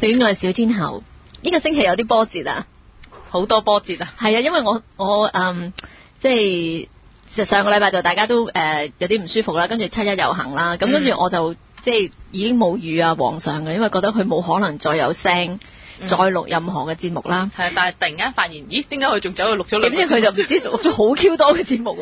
《戀愛小天后》呢個星期有啲波折啊，好多波折啊。係啊，因為我我嗯即係上上個禮拜就大家都誒、呃、有啲唔舒服啦，跟住七一遊行啦，咁跟住我就即係已經冇雨啊皇上嘅，因為覺得佢冇可能再有聲。再錄任何嘅節目啦，嗯，係，但係突然間發現，咦，點解佢仲走去錄咗？點知佢就唔知錄咗好 Q 多嘅節目，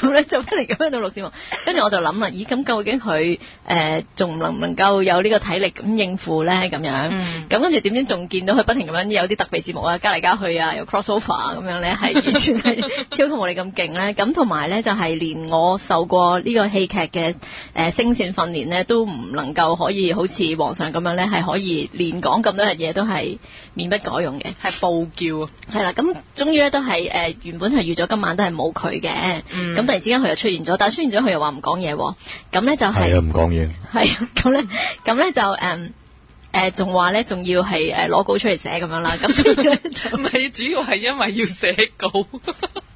咁咧就不停咁樣喺度錄節目。跟住我就諗啊，咦，咁究竟佢誒仲能唔能夠有呢個體力咁應付咧？咁樣，咁跟住點知仲見到佢不停咁樣有啲特別節目啊，目呃嗯，目加嚟加去啊，有 cross over 咁、啊、樣咧，係完全係超同我哋咁勁咧。咁同埋咧就係連我受過呢個戲劇嘅誒聲線訓練咧，都唔能夠可以好似皇上咁樣咧，係可以連講咁多日嘢都係。係免不改用嘅，係暴叫啊！係啦，咁終於咧都係誒、呃，原本係預咗今晚都係冇佢嘅，咁、嗯、突然之間佢又出現咗，但係出現咗佢又話唔講嘢，咁咧就係唔講嘢，係咁咧，咁咧就誒誒仲話咧仲要係誒攞稿出嚟寫咁樣啦，咁唔係主要係因為要寫稿。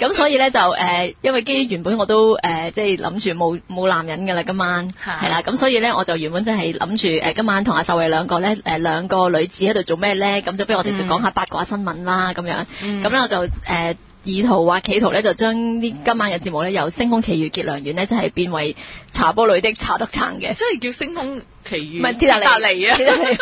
咁 所以咧就誒，因為基於原本我都誒，即係諗住冇冇男人噶啦，今晚係啦，咁 所以咧我就原本真係諗住誒，今晚同阿秀慧兩個咧誒，兩、呃、個女子喺度做咩咧？咁就不如我哋就講下八卦新聞啦，咁樣，咁 咧、嗯、我就誒、呃，意圖話企圖咧就將呢今晚嘅節目咧，由《星空奇遇結良緣》咧，就係、是、變為茶煲裏的茶得撐嘅，即係叫《星空奇遇》唔係《鐵達尼》啊 實是， 因為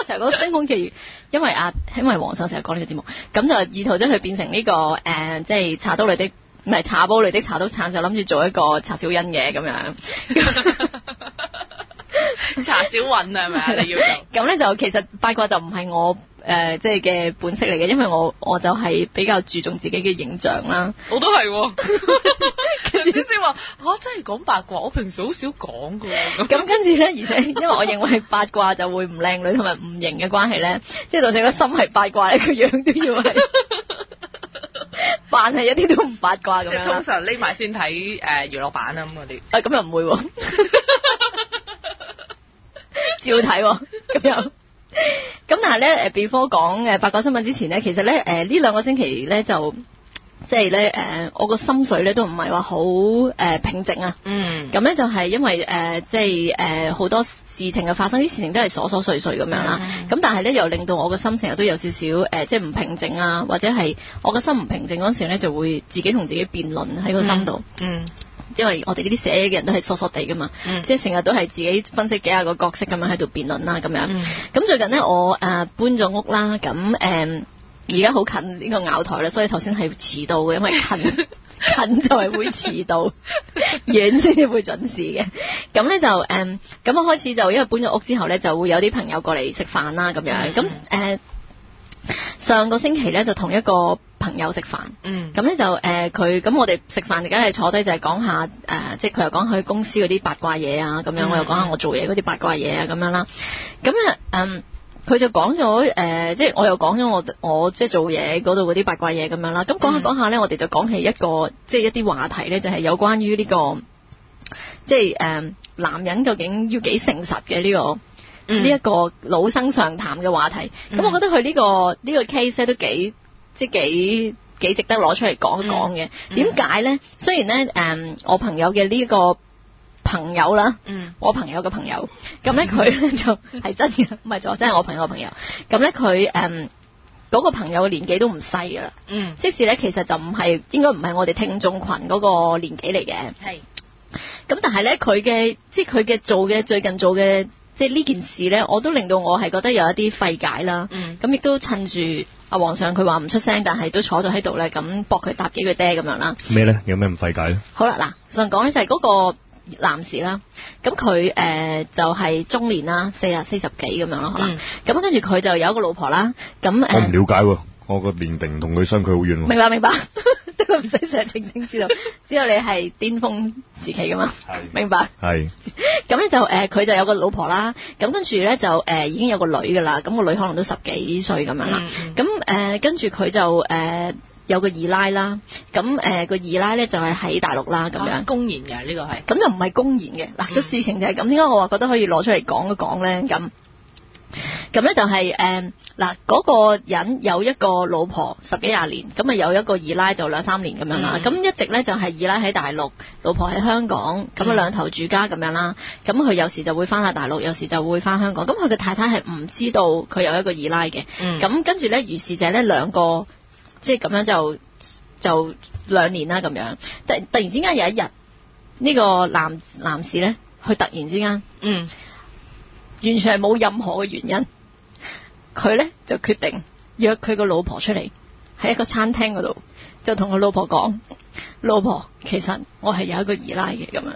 我成日講《星空奇遇》。因為啊，因為黃生成日講呢個節目，咁就意圖將佢變成呢、這個誒、呃，即係茶刀裏的，唔係茶煲裏的茶刀鏟，就諗住做一個茶小欣嘅咁樣， 茶小韻係咪啊？你要做？咁咧就其實八卦就唔係我。誒、呃，即係嘅本色嚟嘅，因為我我就係比較注重自己嘅形象啦，我都係、啊 就係。我都係，其實先先話吓，真係講八卦，我平時好少講嘅。咁跟住咧，而且因為我認為八卦就會唔靚女同埋唔型嘅關係咧，即係就算個心係八卦，咧個樣都要係扮係一啲都唔八卦咁樣啦。通常匿埋先睇誒，呃、娛樂版、哎、啊咁嗰啲。啊，咁又唔會，照睇咁又。咁 但係咧，誒，before 講誒八卦新聞之前咧，其實咧，誒，呢兩個星期咧就。即係咧，誒，我個心水咧都唔係話好誒平靜啊。嗯。咁咧就係、是，因為誒，即係誒，好多事情嘅發生之前都係瑣瑣碎碎咁樣啦。咁、嗯、但係咧又令到我個心成日都有少少誒，即係唔平靜啊，或者係我個心唔平靜嗰陣時咧，就會自己同自己辯論喺個心度。嗯。因為我哋呢啲寫嘢嘅人都係傻傻地噶嘛。即係成日都係自己分析幾下個角色咁樣喺度辯論啦，咁、嗯、樣。咁最近咧，我誒搬咗屋啦，咁、嗯、誒。而家好近呢個鰲台啦，所以頭先係遲到嘅，因為近，近就係會遲到，遠先至會準時嘅。咁咧就誒、咁、嗯、我開始就因為搬咗屋之後咧，就會有啲朋友過嚟食飯啦，咁樣咁誒，上個星期咧就同一個朋友食飯，咁、嗯、咧就誒、佢、嗯、咁我哋食飯而家係坐低就係講下誒、呃、即係佢又講佢公司嗰啲八卦嘢啊，咁樣、嗯、我又講下我做嘢嗰啲八卦嘢啊，咁樣啦，咁、嗯、咧佢就講咗誒，即、呃、係、就是、我又講咗我我即係做嘢嗰度嗰啲八卦嘢咁樣啦。咁講下講下咧，我哋就講起一個即係、就是、一啲話題咧、這個，就係有關於呢個即係誒男人究竟要幾誠實嘅呢、這個呢一、嗯這個老生常談嘅話題。咁我覺得佢呢、這個呢、這個 case 咧都幾即係幾幾值得攞出嚟講一講嘅。點解咧？雖然咧誒、呃，我朋友嘅呢、這個。朋友啦，嗯、我朋友嘅朋友咁咧，佢咧就係 真嘅，唔係錯，真係我朋友嘅朋友。咁咧，佢誒嗰個朋友嘅年紀都唔細噶啦，嗯，即使咧，其實就唔係應該唔係我哋聽眾群嗰個年紀嚟嘅，係咁，但係咧佢嘅即係佢嘅做嘅最近做嘅即係呢件事咧，我都令到我係覺得有一啲費解啦。咁、嗯、亦都趁住阿皇上佢話唔出聲，但係都坐咗喺度咧，咁駁佢搭幾句爹咁樣啦。咩咧？有咩唔費解咧？好啦，嗱，想講咧就係嗰、嗰個。男士啦，咁佢誒就係、是、中年啦，四啊四十幾咁樣咯，嚇。可能咁、嗯、跟住佢就有一個老婆啦，咁誒。我唔了解喎，我個年齡同佢相距好遠喎。明白明白，都唔使成日澄清知道，知道你係巔峰時期噶嘛？係，明白。係。咁咧 就誒，佢、呃、就有個老婆啦，咁跟住咧就誒、呃、已經有個女噶啦，咁個女可能都十幾歲咁樣啦。咁、嗯、誒、呃、跟住佢就誒。呃有個二奶啦，咁、那、誒個二奶呢就係喺大陸啦，咁樣公然嘅呢個係，咁又唔係公然嘅。嗱、嗯、個事情就係、是、咁，點解我話覺得可以攞出嚟講一講呢？咁咁呢就係誒嗱嗰個人有一個老婆十幾廿年，咁啊有一個二奶就兩三年咁樣啦。咁、嗯、一直呢就係二奶喺大陸，老婆喺香港，咁、嗯、啊兩頭住家咁樣啦。咁佢有時就會翻下大陸，有時就會翻香港。咁佢嘅太太係唔知道佢有一個二奶嘅。咁、嗯、跟住呢，於是就呢兩個。即係咁樣就就兩年啦咁樣，突突然之間有一日呢個男男士咧，佢突然之間，嗯，完全係冇任何嘅原因，佢咧就決定約佢個老婆出嚟，喺一個餐廳嗰度，就同佢老婆講，老婆其實我係有一個二奶嘅咁樣。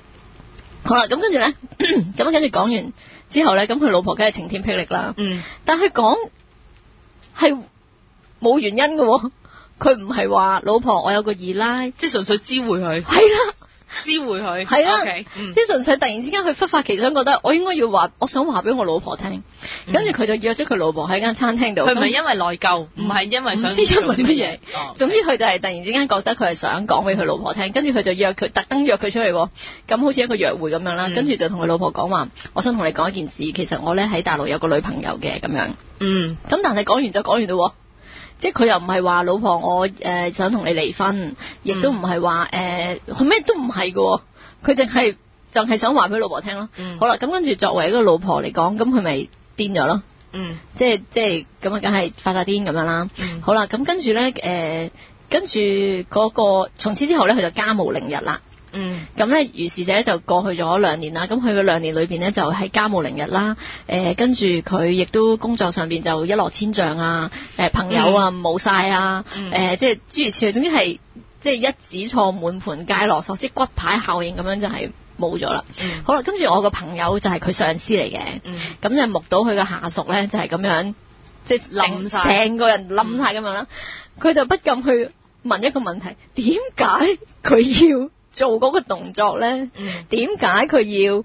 好啦，咁跟住咧，咁跟住講完之後咧，咁佢老婆梗係晴天霹靂啦，嗯，但係佢講係冇原因喎、啊。佢唔係話老婆，我有個二奶，即係純粹知會佢，係啦，知會佢，係啊，即係純粹突然之間佢忽發奇想，覺得我應該要話，我想話俾我老婆聽，跟住佢就約咗佢老婆喺間餐廳度。佢唔係因為內疚，唔係因為想知因為乜嘢，總之佢就係突然之間覺得佢係想講俾佢老婆聽，跟住佢就約佢特登約佢出嚟，咁好似一個約會咁樣啦。嗯、跟住就同佢老婆講話，我想同你講一件事，其實我咧喺大陸有個女朋友嘅咁樣。嗯，咁但係講完就講完啦。即係佢又唔係話老婆，我誒想同你離婚，亦、嗯呃、都唔係話誒，佢咩都唔係喎。佢淨係淨係想話俾老婆聽咯。嗯，好，好啦，咁跟住作為一個老婆嚟講，咁佢咪癲咗咯。嗯即，即係即係咁啊，梗係發晒癲咁樣啦。嗯、好啦，咁跟住咧誒，跟住嗰、呃嗰個從此之後咧，佢就家無寧日啦。嗯，咁咧，如是者就過去咗兩年啦。咁佢個兩年裏面咧，就喺家無寧日啦。誒，跟住佢亦都工作上面就一落千丈啊！朋友啊，冇晒啊！即、嗯、係、呃就是、諸如此類，總之係即係一子錯，滿盤皆落索，即係骨牌效應咁樣就，就係冇咗啦。好啦，跟住我個朋友就係佢上司嚟嘅，咁、嗯、就目睹佢嘅下屬咧、嗯，就係咁樣即係冧晒，成個人冧晒咁樣啦。佢、嗯、就不禁去問一個問題，點解佢要做嗰個動作呢，點解佢要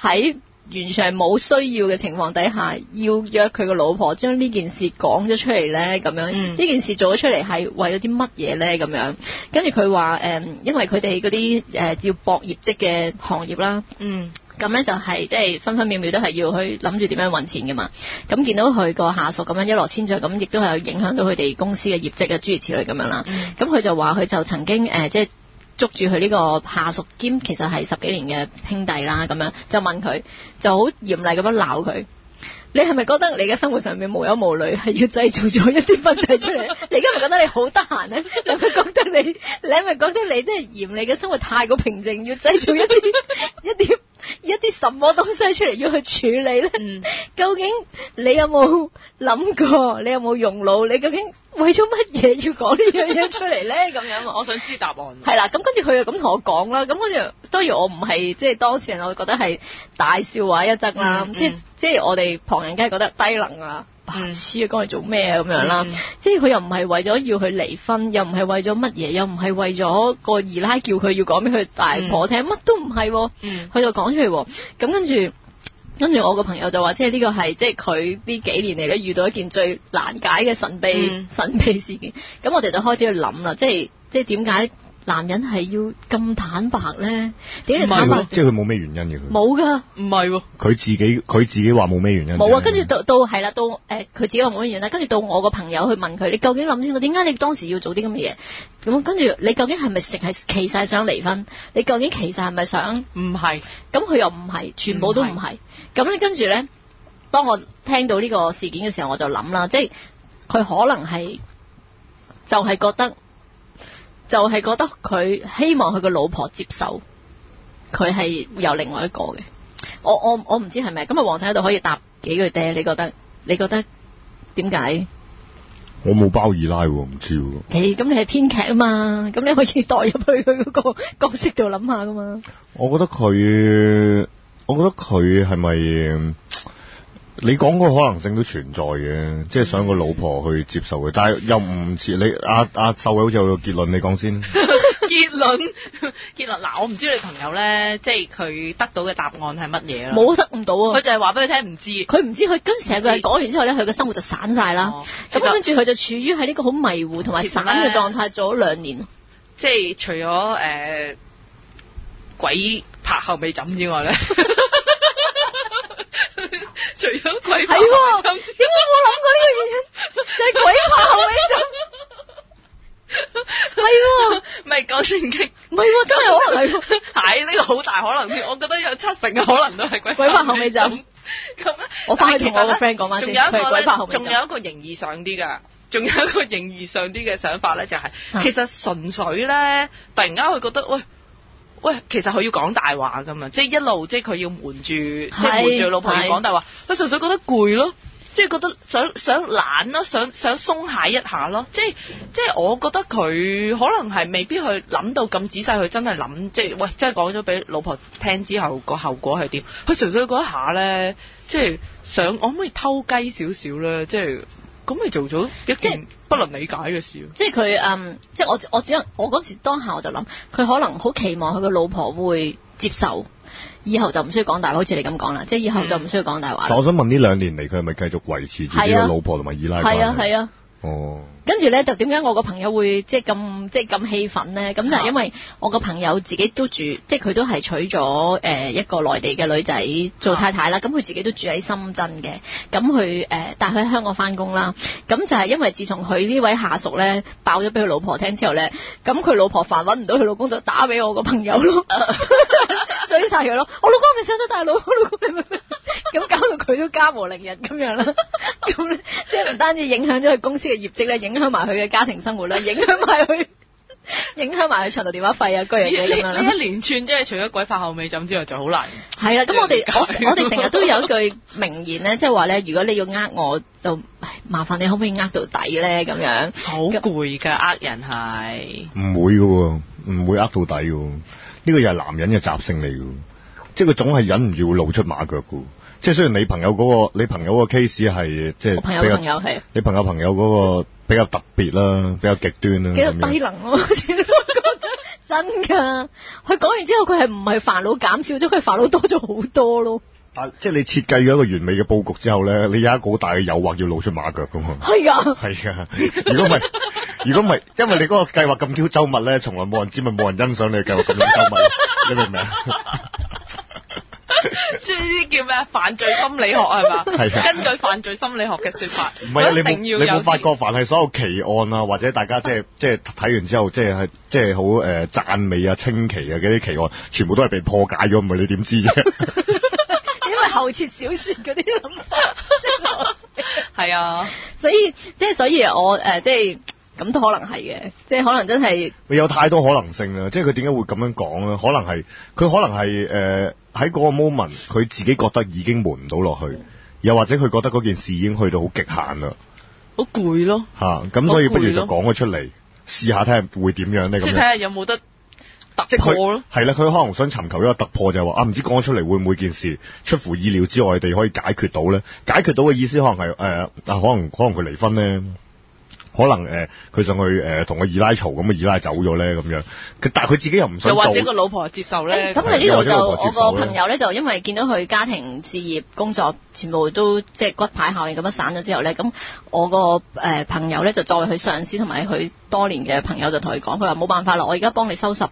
喺完全係冇需要嘅情況底下，要約佢個老婆將呢件事講咗出嚟呢？咁樣呢、嗯、件事做咗出嚟係為咗啲乜嘢呢？咁樣，跟住佢話誒，因為佢哋嗰啲誒要搏業績嘅行業啦，嗯，咁樣就係即係分分秒秒都係要去諗住點樣揾錢噶嘛。咁見到佢個下屬咁樣一落千丈，咁亦都係有影響到佢哋公司嘅業績啊，諸如此類咁樣啦。咁、嗯、佢就話佢就曾經誒，即、呃、係。就是捉住佢呢個下屬兼其實係十幾年嘅兄弟啦，咁樣就問佢，就好嚴厲咁樣鬧佢。你係咪覺得你嘅生活上面無憂無慮，係要製造咗一啲問題出嚟？ 你而家唔覺得你好得閒呢？ 你係咪覺得你，你係咪覺得你真係嫌你嘅生活太過平靜，要製造一啲一啲？ 一啲什麼東西出嚟要去處理咧、嗯？究竟你有冇諗過？你有冇用腦？你究竟為咗乜嘢要講呢樣嘢出嚟咧？咁樣，我想知答案了了。係啦，咁跟住佢就咁同我講啦。咁跟住，當然我唔係即係當事人，我覺得係大笑話一則啦、嗯嗯。即即係我哋旁人梗係覺得低能啦。行屍啊，講嚟做咩咁樣啦、嗯？即係佢又唔係為咗要佢離婚，又唔係為咗乜嘢，又唔係為咗個二奶叫佢要講俾佢大婆聽，乜都唔係。嗯，佢、嗯、就講出嚟。咁跟住，跟住我個朋友就話，即係呢個係即係佢呢幾年嚟咧遇到一件最難解嘅神秘、嗯、神秘事件。咁我哋就開始去諗啦，即係即係點解？男人係要咁坦白咧？點解坦白？即係佢冇咩原因嘅冇噶，唔係。佢、哦、自己佢自己話冇咩原因。冇啊！跟住到到係啦，到誒佢、欸、自己話冇咩原因。跟住到我個朋友去問佢：你究竟諗清楚點解你當時要做啲咁嘅嘢？咁跟住你究竟係咪淨係其實想離婚？你究竟其實係咪想？唔係。咁佢又唔係，全部都唔係。咁咧跟住咧，當我聽到呢個事件嘅時候，我就諗啦，即係佢可能係就係、是、覺得。就係、是、覺得佢希望佢個老婆接受佢係有另外一個嘅，我我我唔知係咪，咁啊黃仔喺度可以答幾句爹。你覺得你覺得點解？我冇包二奶喎，唔知喎。咁你係編劇啊嘛，咁你可以代入去佢嗰個角色度諗下噶嘛。我覺得佢，我覺得佢係咪？你講個可能性都存在嘅，即係想個老婆去接受佢，但係又唔似你阿阿、啊啊、秀慧好似有個結論，你講先。 結論，結論嗱，我唔知道你朋友咧，即係佢得到嘅答案係乜嘢，冇得唔到啊！佢就係話俾佢聽唔知，佢唔知佢咁成日佢講完之後咧，佢嘅生活就散晒啦。咁跟住佢就處於喺呢個好迷糊同埋散嘅狀態做咗兩年。即係除咗誒、呃、鬼拍後尾枕之外咧。 係喎、哦，點解我冇諗過呢個嘢？就係、是、鬼拍後尾枕，係 喎 不是，唔係狗傳經，唔係喎，真係喎，係喎，係呢個好大可能，我覺得有七成嘅可能都係鬼拍後尾枕。咁 我翻去同我個 friend 講翻，仲有一個咧，仲有一個形意上啲噶，仲有一個形意上啲嘅想法咧、就是，就、啊、係其實純粹咧，突然間佢覺得喂。喂，其實佢要講大話㗎嘛，即係一路即係佢要瞞住，即係瞞住老婆要講大話。佢純粹覺得攰咯，即係覺得想想懶咯，想想鬆懈一下咯。即係即係我覺得佢可能係未必去諗到咁仔細去真係諗，即係喂，即係講咗俾老婆聽之後個後果係點。佢純粹嗰一下咧，即係想我可唔可以偷雞少少咧，即係。咁你做咗一件不能理解嘅事，即係佢，嗯，即係我我只要我嗰時我當下我就諗，佢可能好期望佢個老婆會接受，以後就唔需要講大話，好似你咁講啦，即係以後就唔需要講大話，嗯。但我想問呢兩年嚟，佢係咪繼續維持住自己個老婆同埋二奶？係啊係啊，哦。跟住咧就點解我個朋友會即係咁即係咁氣憤咧？咁就係因為我個朋友自己都住，即係佢都係娶咗誒一個內地嘅女仔做太太啦。咁佢自己都住喺深圳嘅，咁佢誒但係喺香港翻工啦。咁就係因為自從佢呢位下屬咧爆咗俾佢老婆聽之後咧，咁佢老婆煩，揾唔到佢老公就打俾我個朋友咯，追晒佢咯。我老公咪想得，大陸，我老公咪咁搞到佢都家破人亡咁樣啦。咁即係唔單止影響咗佢公司嘅業績咧，影。影響埋佢嘅家庭生活啦，影響埋佢，影響埋佢長途電話費啊，各樣嘢咁樣啦。一連串即係除咗鬼拍後尾枕之外，就好難。係啦，咁我哋我 我哋成日都有一句名言咧，即係話咧，如果你要呃我就唉麻煩你可唔可以呃到底咧？咁樣好攰噶，呃人係唔會噶，唔會呃到底噶。呢個又係男人嘅習性嚟噶，即係佢總係忍唔住會露出馬腳噶。即係雖然你朋友嗰、嗰個，你朋友個 case 係即係，朋友朋友係，你朋友朋友嗰個比較特別啦，比較極端啦，比較低能咯，是是 真噶！佢講完之後是是，佢係唔係煩惱減少咗？佢煩惱多咗好多咯。啊！即係你設計咗一個完美嘅布局之後咧，你有一個好大嘅誘惑要露出馬腳㗎嘛？係啊，係啊！如果唔係，如果唔係，因為你嗰個計劃咁叫周密咧，從來冇人知咪冇人欣賞你嘅計劃咁樣周密，你明唔明啊？ 呢 啲叫咩犯罪心理學係嘛？係、啊、根據犯罪心理學嘅說法，唔係、啊、你明要你冇發覺，凡係所有奇案啊，或者大家即係即係睇完之後、即係，即係即係好誒讚美啊、清奇啊嗰啲奇案，全部都係被破解咗，唔係你點知啫？因 為 後設小說嗰啲諗法係 啊，所以即係、即係、所以我誒即係咁都可能係嘅，即係、即係、可能真係有太多可能性啦。即係佢點解會咁樣講咧？可能係佢可能係誒。呃喺嗰個 moment，佢自己覺得已經瞞唔到落去，又或者佢覺得嗰件事已經去到好極限啦，好攰咯。吓、啊，咁所以不如就講咗出嚟，試下睇下會點樣呢？咁係睇下有冇得突破咯。係啦，佢可能想尋求一個突破，就係話啊，唔知講咗出嚟會唔會件事出乎意料之外地可以解決到咧？解決到嘅意思可能係誒、呃，可能可能佢離婚咧。可能誒，佢、呃、上去誒同個二奶嘈咁啊，二、呃、奶走咗咧咁樣。佢但係佢自己又唔想，又或者個老婆接受咧。咁、欸、你呢度就我個朋友咧就因為見到佢家庭、事業、工作全部都即係、就是、骨牌效應咁樣散咗之後咧，咁我個朋友咧就作為佢上司同埋佢多年嘅朋友就同佢講，佢話冇辦法啦，我而家幫你收拾，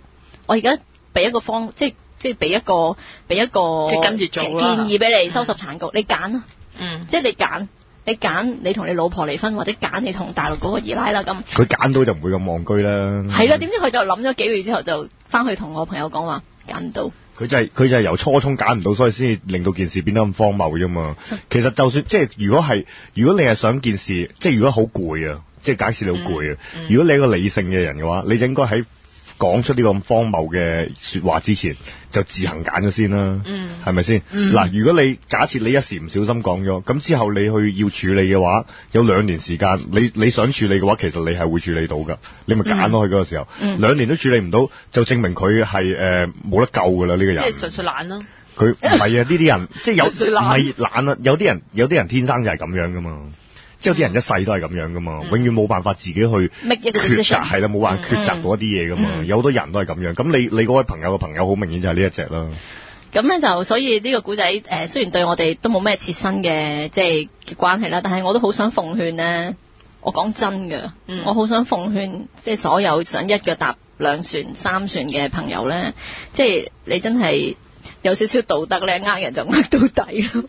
我而家俾一個方，即係即係俾一個俾一個建議俾你收拾殘局，你揀啦，嗯，即係你揀。你揀你同你老婆離婚，或者揀你同大陸嗰個二奶啦咁。佢揀到就唔會咁戇居啦。係啦，點知佢就諗咗幾個月之後就翻去同我朋友講話揀唔到。佢就係、是、佢就係由初衷揀唔到，所以先至令到件事變得咁荒謬啫嘛、嗯。其實就算即係如果係，如果你係想件事，即係如果好攰啊，即係解釋你好攰啊。如果你係一個理性嘅人嘅話，你就應該喺講出呢個咁荒謬嘅說話之前，就自行揀咗先啦，係咪先？嗱、嗯，如果你假設你一時唔小心講咗，咁之後你去要處理嘅話，有兩年時間，你你想處理嘅話，其實你係會處理到噶，你咪揀咯。去嗰個時候，兩、嗯嗯、年都處理唔到，就證明佢係誒冇得救噶啦呢個人。即係純粹懶咯。佢唔係啊，呢啲、啊、人 即係有唔係懶啊？有啲人有啲人天生就係咁樣噶嘛。即係啲人一世都係咁樣噶嘛，嗯、永遠冇辦法自己去 decision, 抉擇，係、嗯、啦，冇辦法抉擇嗰一啲嘢噶嘛。嗯嗯、有好多人都係咁樣。咁你你嗰位朋友嘅朋友很顯，好明顯就係呢一隻咯。咁咧就所以呢個古仔誒，雖然對我哋都冇咩切身嘅即係關係啦，但係我都好想奉勸咧，我講真噶、嗯，我好想奉勸即係所有想一腳踏兩船三船嘅朋友咧，即、就、係、是、你真係有少少道德咧，呃人就呃到底咯。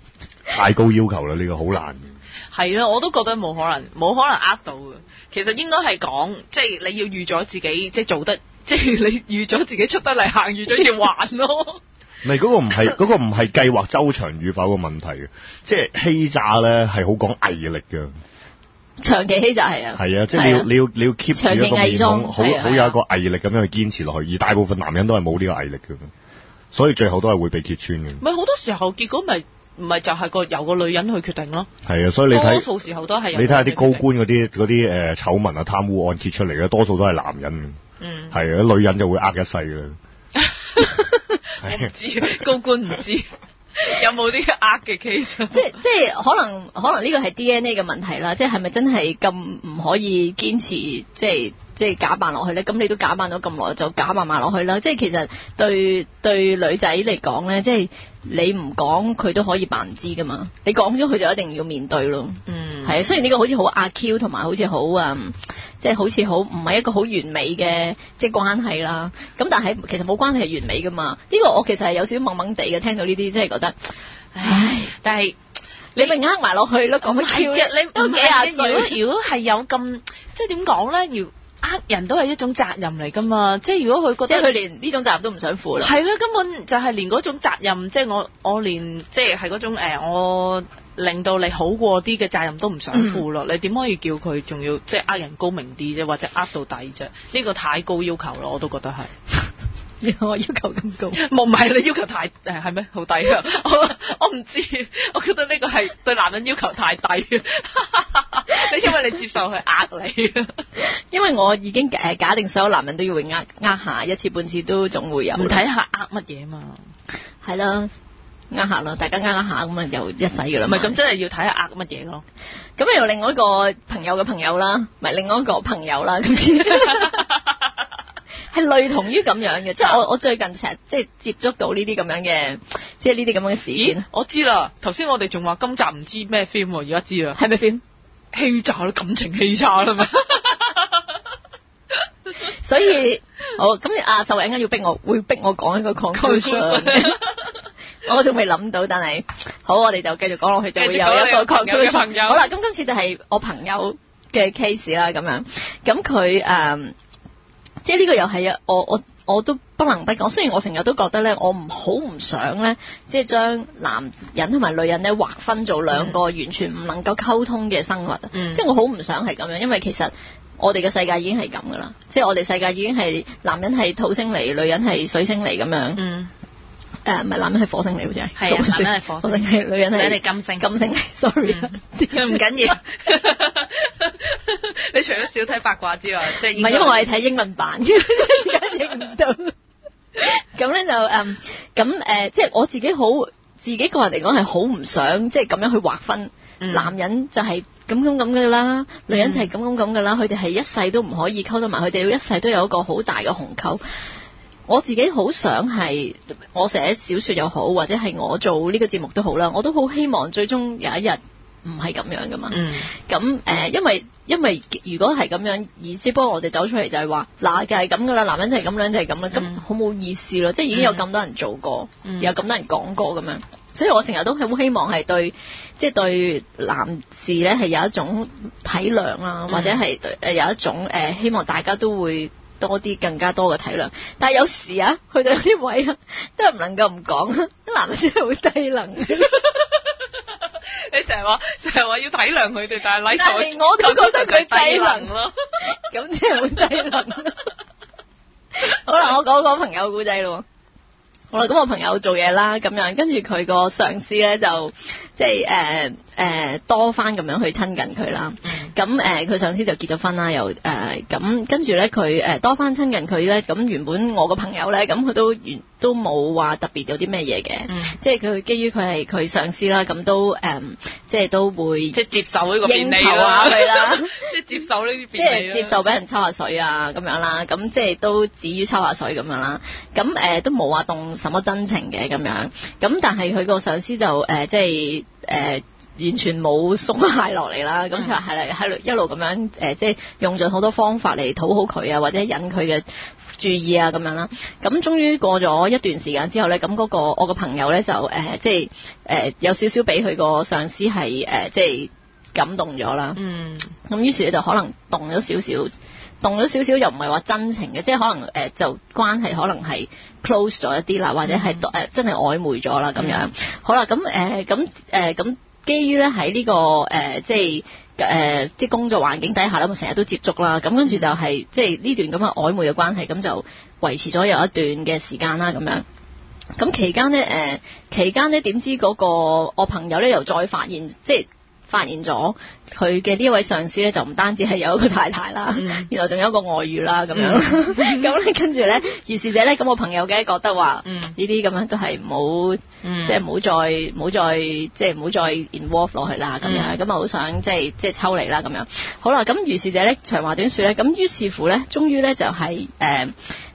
太高要求啦，呢、這個好難的。係啦、啊，我都覺得冇可能，冇可能呃到嘅。其實應該係講，即係你要預咗自己，即係做得，即係你預咗自己出得嚟，行預咗要還咯。 唔係嗰個唔係嗰個唔係計劃周詳與否嘅問題嘅，即係欺詐咧係好講毅力嘅。長期欺詐係啊。係啊，即係你要、啊、你要你要 keep 長期住一個系統，好好有一個毅力咁樣去堅持落去、啊。而大部分男人都係冇呢個毅力嘅，所以最後都係會被揭穿嘅。唔係好多時候結果咪。唔係就係個由個女人去決定咯，係啊，所以你睇多數時候都係，你睇下啲高官嗰啲嗰啲誒醜聞啊、貪污案揭出嚟嘅多數都係男人，嗯，係啊，女人就會呃一世嘅， 我唔知高官唔知 有冇啲呃嘅 case，即即可能可能呢個係 DNA 嘅問題啦，即係係咪真係咁唔可以堅持即係？即係假扮落去咧，咁你都假扮咗咁耐，就假扮埋落去啦。即係其實對對女仔嚟講咧，即係你唔講佢都可以扮唔知噶嘛。你講咗佢就一定要面對咯。嗯，係啊。雖然呢個好似好阿 Q，同埋好似好啊，即係好似好唔係一個好完美嘅即係關係啦。咁但係其實冇關係係完美噶嘛。呢個我其實係有少少懵懵地嘅。聽到呢啲真係覺得，唉！但係你咪呃埋落去咯。咁 Q 你都幾啊歲？如果係有咁，即係點講咧？如呃人都係一種責任嚟㗎嘛，即係如果佢覺得佢連呢種責任都唔想負啦，係咯，根本就係連嗰種責任，即係、就是、我我連即係係嗰種誒、呃，我令到你好過啲嘅責任都唔想負咯、嗯，你點可以叫佢仲要即係呃人高明啲啫，或者呃到底啫？呢、這個太高要求咯，我都覺得係。我 要求咁高，冇唔係你要求太誒係咩？好低啊！ 我我唔知，我覺得呢個係對男人要求太低。你 因為你接受佢呃你， 因為我已經誒假定所有男人都要會呃，呃下一次半次都總會有。唔睇下呃乜嘢嘛？係 啦，呃下啦，大家呃下咁啊，咪 又一世噶啦。咪咁真係要睇下呃乜嘢咯？咁咪由另外一個朋友嘅朋友啦，咪另外一個朋友啦咁。 係類同於咁樣嘅，即係我我最近成日即係接觸到呢啲咁樣嘅，即係呢啲咁樣嘅事件。我知啦，頭先我哋仲話今集唔知咩 feel 喎，而家知啦。係咪 feel？欺詐咯，感情欺詐啦嘛。 所以，我咁阿秀一陣間要逼我，會逼我講一個 conclusion。我仲未諗到，但係好，我哋就繼續講落去，下去就會有一個 conclusion。好啦，咁今次就係我朋友嘅 case 啦，咁樣咁佢誒。Um, 即係呢個又係啊！我我我都不能不講。雖然我成日都覺得咧，我唔好唔想咧，即係將男人同埋女人咧劃分做兩個完全唔能夠溝通嘅生物。嗯。即係我好唔想係咁樣，因為其實我哋嘅世界已經係咁噶啦。即係我哋世界已經係男人係土星嚟，女人係水星嚟咁樣。嗯。誒、uh，唔係男人係火星嚟嘅啫，係、啊、男人係火星，女人係金星，金星嚟，sorry，唔緊要。你除咗少睇八卦之外，即係唔係因為我係睇英文版，而家認唔到。 咁、um, 咧、呃、就嗯，咁誒，即係我自己好，自己個人嚟講係好唔想，即係咁樣去劃分。嗯、男人就係咁樣咁嘅啦，女人就係咁樣咁噶啦，佢哋係一世都唔可以溝得埋，佢哋一世都有一個好大嘅鴻溝。我自己好想係我寫小說又好，或者係我做呢個節目都好啦，我都好希望最終有一日唔係咁樣噶嘛。咁、嗯呃、因為因為如果係咁樣，意思不過我哋走出嚟就係話，嗱、啊，就係咁噶啦，男人就係咁樣，就係咁啦，咁好冇意思咯。嗯、即係已經有咁多人做過，嗯、有咁多人講過咁樣，所以我成日都好希望係對，即、就、係、是、對男士咧係有一種體諒呀、啊，嗯、或者係有一種、呃、希望大家都會。多啲更加多嘅體諒，但係有時啊，去到啲位啊，真係唔能夠唔講啊！男人真係好低能，你成日話成日話要體諒佢哋，但係拉佢，我都覺得佢低能咯 好，咁即係好低能。好啦，我講講個朋友故仔咯。好啦，咁我朋友做嘢啦，咁樣跟住佢個上司咧，就即係誒誒多翻咁樣去親近佢啦。咁誒，佢、呃、上司就結咗婚啦，又誒咁，跟住咧佢誒多翻親人，佢咧咁原本我個朋友咧，咁佢都都冇話特別有啲咩嘢嘅，即係佢基於佢係佢上司啦，咁都誒，即係都會即係接受呢個便利啦，即係接受呢啲即係接受俾人抽下水啊咁樣啦，咁即係都止於抽下水咁樣啦，咁、呃、誒都冇話動什麼真情嘅咁樣，咁但係佢個上司就誒、呃、即係誒。呃完全冇鬆懈落嚟啦，咁、 嗯、就係嚟喺一路咁樣即係、呃就是、用咗好多方法嚟討好佢啊，或者引佢嘅注意啊咁樣啦。咁終於過咗一段時間之後咧，咁嗰個我個朋友咧就即係、呃就是呃、有少少俾佢個上司係即係感動咗啦。嗯。咁於是咧就可能動咗少少，動咗少少又唔係話真情嘅，即、就、係、是、可能、呃、就關係可能係 close 咗一啲啦，或者係、嗯呃、真係曖昧咗啦咁樣、嗯。好啦，咁誒咁誒咁。基於咧喺呢個誒、呃，即係誒、呃，即係工作環境底下啦，我成日都接觸啦，咁跟住就係、是、即係呢段咁嘅曖昧嘅關係，咁就維持咗有一段嘅時間啦，咁樣。咁期間咧，誒、呃、期間咧，點知嗰個我朋友咧又再發現即係。發現咗佢嘅呢一位上司咧，就唔單止係有一個太太啦，嗯、原來仲有一個外遇啦咁、嗯、樣。咁咧跟住咧，於是者咧，咁我朋友嘅覺得話，呢啲咁樣都係唔好，即係唔好再唔好再即係唔好再 involve 落去啦咁樣。咁啊好想即係即係抽離啦咁樣。好啦，咁於是者咧長話短説咧，咁於是乎咧，終於咧就係、是、誒，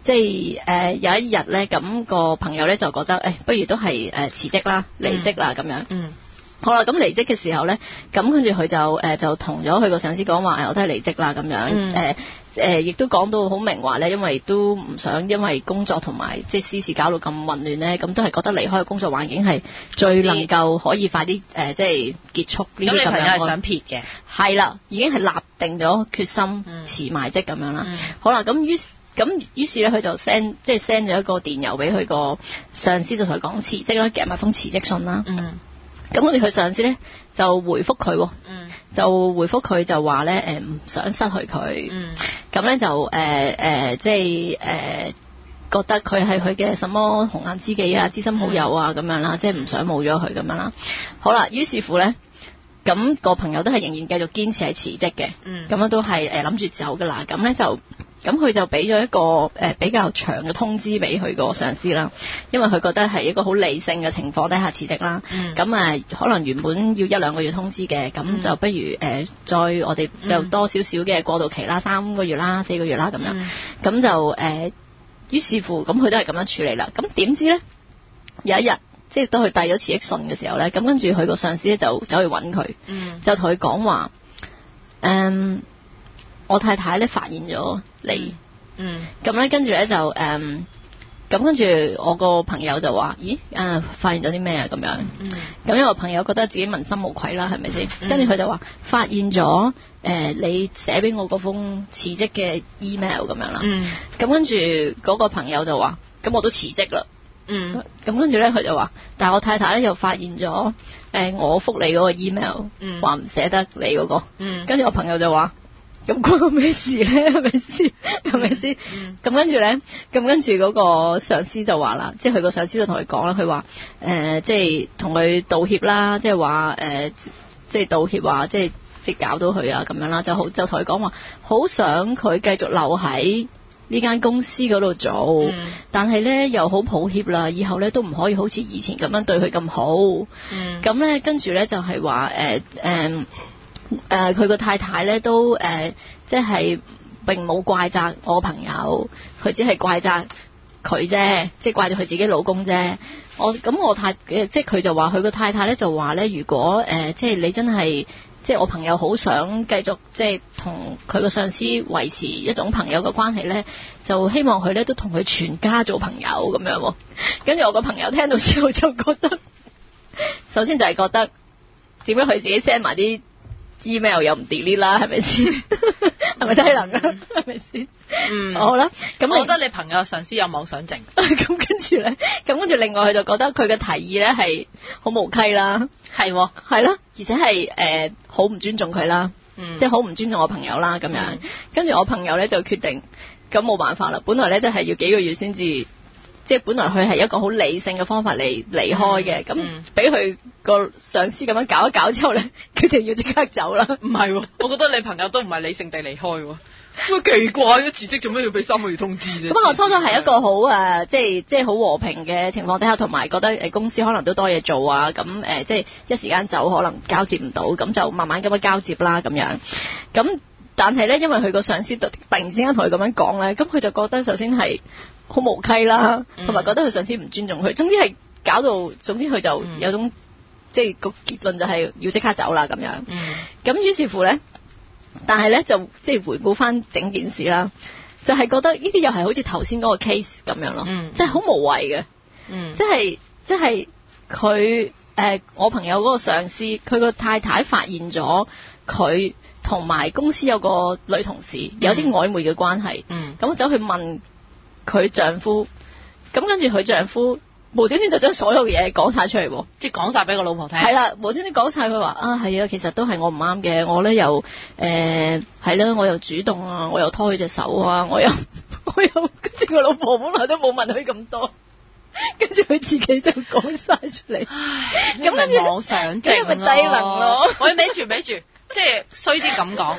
即係誒有一日咧，咁、那個朋友咧就覺得，誒、欸、不如都係誒辭職啦，離職啦咁、嗯、樣。嗯嗯。好啦，咁離職嘅時候呢，咁、呃、跟住佢就就同咗佢個上司講話、哎，我都係離職啦咁樣，亦都講到好明話呢，因為都唔想因為工作同埋即係私事搞到咁混亂呢，咁都係覺得離開嘅工作環境係最能夠可以快啲即係結束。咁你朋友係想撇嘅，係啦，已經係立定咗決心辭埋職咁、嗯、樣啦。好啦，咁於咁於是呢，佢就 send 即係 send 咗一個電郵俾佢個上司，就同佢講辭職啦，夾埋封辭職信啦。嗯嗯咁我哋佢上司咧就回覆佢，就回覆佢就話咧，唔想失去佢，咁、嗯、咧就、呃呃、即係、呃、覺得佢係佢嘅什麼紅顏知己啊、嗯、知心好友啊咁、嗯、樣啦，即係唔想冇咗佢咁樣啦。好啦，於是乎咧，咁、那個朋友都係仍然繼續堅持係辭職嘅，咁、嗯、樣都係諗住走噶啦。咁、呃、咧就。咁佢就俾咗一個比較長嘅通知俾佢個上司啦，因為佢覺得係一個好理性嘅情況底下辭職啦。咁啊，可能原本要一兩個月通知嘅，咁、嗯、就不如、呃、再我哋就多少少嘅過渡期啦，嗯、三個月啦，四個月啦咁樣。咁、嗯、就、呃、於是乎咁佢都係咁樣處理啦。咁點知呢？有一日，即係當佢遞咗辭職信嘅時候呢，咁跟住佢個上司咧就走去揾佢，就同佢講話嗯、我太太咧發現咗。你嗯，咁咧跟住咧就誒咁、嗯、跟住我個朋友就話咦誒、啊、發現咗啲咩啊？咁樣嗯，咁因為我朋友覺得自己問心無愧啦，係咪先？跟住佢就話發現咗誒、呃、你寫俾我封辭職嘅 email 咁樣啦。嗯，咁跟住個朋友就話咁、嗯、我都辭職啦。嗯，咁跟住咧佢就話但係我太太咧又發現咗誒、呃、我覆你個 email，嗯，話唔捨得你個嗯，跟住我朋友就話。咁關個咩事咧？係咪先？係咪先？咁、嗯嗯、跟住咧，咁跟住嗰個上司就話啦，即係佢個上司就同佢講啦，佢話誒，即係同佢道歉啦，即係話誒，即係道歉話，即係即係搞到佢啊咁樣啦，就好就同佢講話，好想佢繼續留喺呢間公司嗰度做，嗯、但係咧又好抱歉啦，以後咧都唔可以好似以前咁樣對佢咁好。咁、嗯、咧跟住咧就係、是、話誒誒誒、呃，佢個太太咧都誒、呃，即係並冇怪責我朋友，佢只係怪責佢啫，即係怪咗佢自己老公啫。我咁我太，即係佢就話佢個太太咧就話咧，如果誒、呃，即係你真係，即係我朋友好想繼續即係同佢個上司維持一種朋友嘅關係咧，就希望佢咧都同佢全家做朋友咁樣。跟住我個朋友聽到之後就覺得，首先就係覺得點解佢自己 send 埋啲。email 又唔 delete 啦，係咪先？係咪低能啊？係咪先？嗯，好啦，咁我覺得你朋友上司有妄想症，咁跟住咧，咁跟住另外佢就覺得佢嘅提議咧係好無稽啦，係、哦，係啦，而且係誒好唔尊重佢啦，嗯，即係好唔尊重我朋友啦，咁樣，跟、嗯、住我朋友咧就決定，咁冇辦法啦，本來咧就係要幾個月先至。即係本來佢係一個好理性嘅方法嚟離開嘅，咁俾佢個上司咁樣搞一搞之後呢，佢就要即刻走啦。啊，唔係，我覺得你朋友都唔係理性地離開喎，乜奇怪，一辭職做咩要俾三個月通知啫？咁我初初係一個好誒，即係即係好和平嘅情況底下，同埋覺得誒公司可能都多嘢做啊，咁誒即係一時間走可能交接唔到，咁就慢慢咁樣交接啦咁樣。咁但係呢，因為佢個上司突然之間同佢咁樣講呢，咁佢就覺得首先係。好無稽啦，同埋覺得佢上司唔尊重佢，總之係搞到，總之佢就有種、嗯、即係個結論就係要即刻走啦咁樣。咁、嗯、於是乎咧，但係咧就即係回顧翻整件事啦，就係、是、覺得呢啲又係好似頭先嗰個 case 咁樣咯、嗯，即係好無謂嘅、嗯，即係即係佢、呃、我朋友嗰個上司，佢個太太發現咗佢同埋公司有個女同事有啲曖昧嘅關係，咁、嗯、走、嗯、去問。.佢丈夫，咁跟住佢丈夫無端端就將所有嘢講晒出嚟，即係講晒俾個老婆聽。係啦，無端端講晒，佢話啊係啊，其實都係我唔啱嘅，我咧又誒係啦，我又主動啊，我又拖佢隻手啊，我又我又，跟住個老婆本來都冇問佢咁多，跟住佢自己就講晒出嚟。咁跟住即係咪低能咯，我俾住俾住，即係衰啲咁講。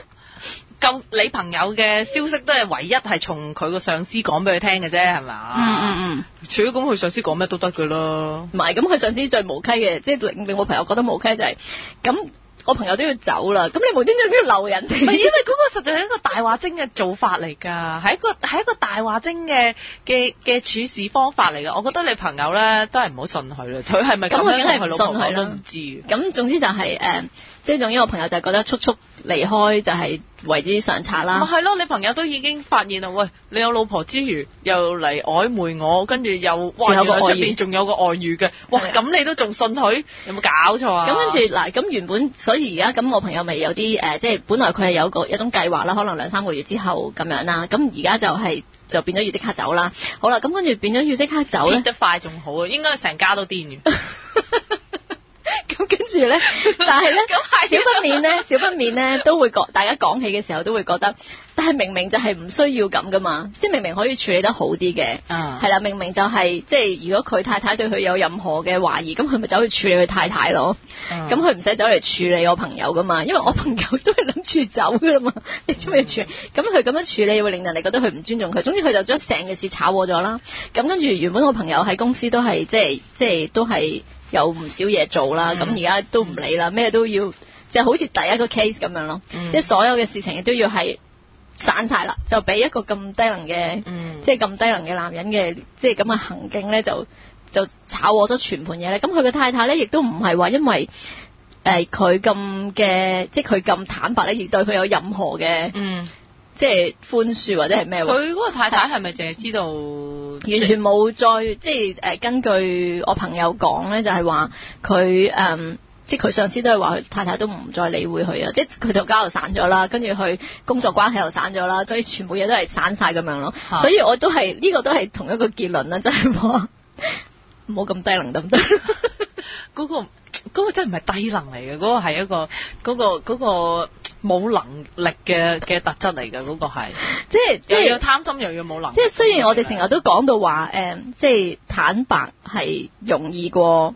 就你朋友嘅消息都係唯一係從佢個上司講俾佢聽嘅啫，係嘛？嗯嗯嗯，除咗咁佢上司講咩都得噶啦。唔係，咁佢上司最無稽嘅，即係令令我朋友覺得無稽就係、是，咁我朋友都要走啦。咁你無端端要留人哋？唔係，因為嗰個實在係一個大話精嘅做法嚟噶，係一個係一個大話精嘅嘅嘅處事方法嚟噶。我覺得你朋友咧都係唔好信佢啦，佢係咪咁樣信佢都唔知。咁總之就係、是、誒。呃即係仲有我朋友就係覺得速速離開就係為之上策啦。咪係咯，你朋友都已經發現啦，喂，你有老婆之餘又嚟曖昧我，跟住又哇，出邊仲有個外遇嘅，哇，咁你都仲信佢，有冇搞錯啊？咁跟住嗱，咁原本所以而家咁我朋友咪有啲誒，即係本來佢係有個一種計劃啦，可能兩三個月之後咁樣啦，咁而家就係、是、就變咗要即刻走啦。好啦，咁跟住變咗要即刻走。撇得快仲好啊，應該成家都癲完。咁 跟住咧，但係咧，小不免咧，小不免咧，都會講，大家講起嘅時候都會覺得，但係明明就係唔需要咁噶嘛，即係明明可以處理得好啲嘅，係、嗯、啦，明明就係、是、即係如果佢太太對佢有任何嘅懷疑，咁佢咪走去處理佢太太咯，咁佢唔使走嚟處理我朋友噶嘛，因為我朋友都係諗住走噶嘛，你做咩處？咁佢咁樣處理會令人哋覺得佢唔尊重佢，總之佢就將成個事炒禍咗啦。咁跟住原本我朋友喺公司都係即係即係都係。有唔少嘢做啦，咁而家都唔理啦，咩都要，就好似第一個 case 咁樣咯，即、嗯、係所有嘅事情都要係散晒啦，就俾一個咁低能嘅，即係咁低能嘅男人嘅，即係咁嘅行徑呢，就是、就、就炒禍咗全盤嘢咧。咁佢嘅太太呢，亦都唔係話因為誒佢咁嘅，即係佢咁坦白呢，而對佢有任何嘅。嗯即係寬恕或者係咩話？佢嗰個太太係咪淨係知道？完全冇再即係誒、呃，根據我朋友講咧，就係話佢誒，即係佢上司都係話佢太太都唔再理會佢啊！即係佢個家又散咗啦，跟住佢工作關係又散咗啦，所以全部嘢都係散晒咁樣咯。啊、所以我都係呢、呢個都係同一個結論啦，真係冇冇咁低能咁。唔得？嗰、那個真係唔係低能嚟嘅，嗰、那個係一個嗰、那個冇、那個、能力嘅嘅特質嚟嘅。嗰、那個係即係即係要貪心又要冇能力。即係雖然我哋成日都講到話誒、呃，即係坦白係容易過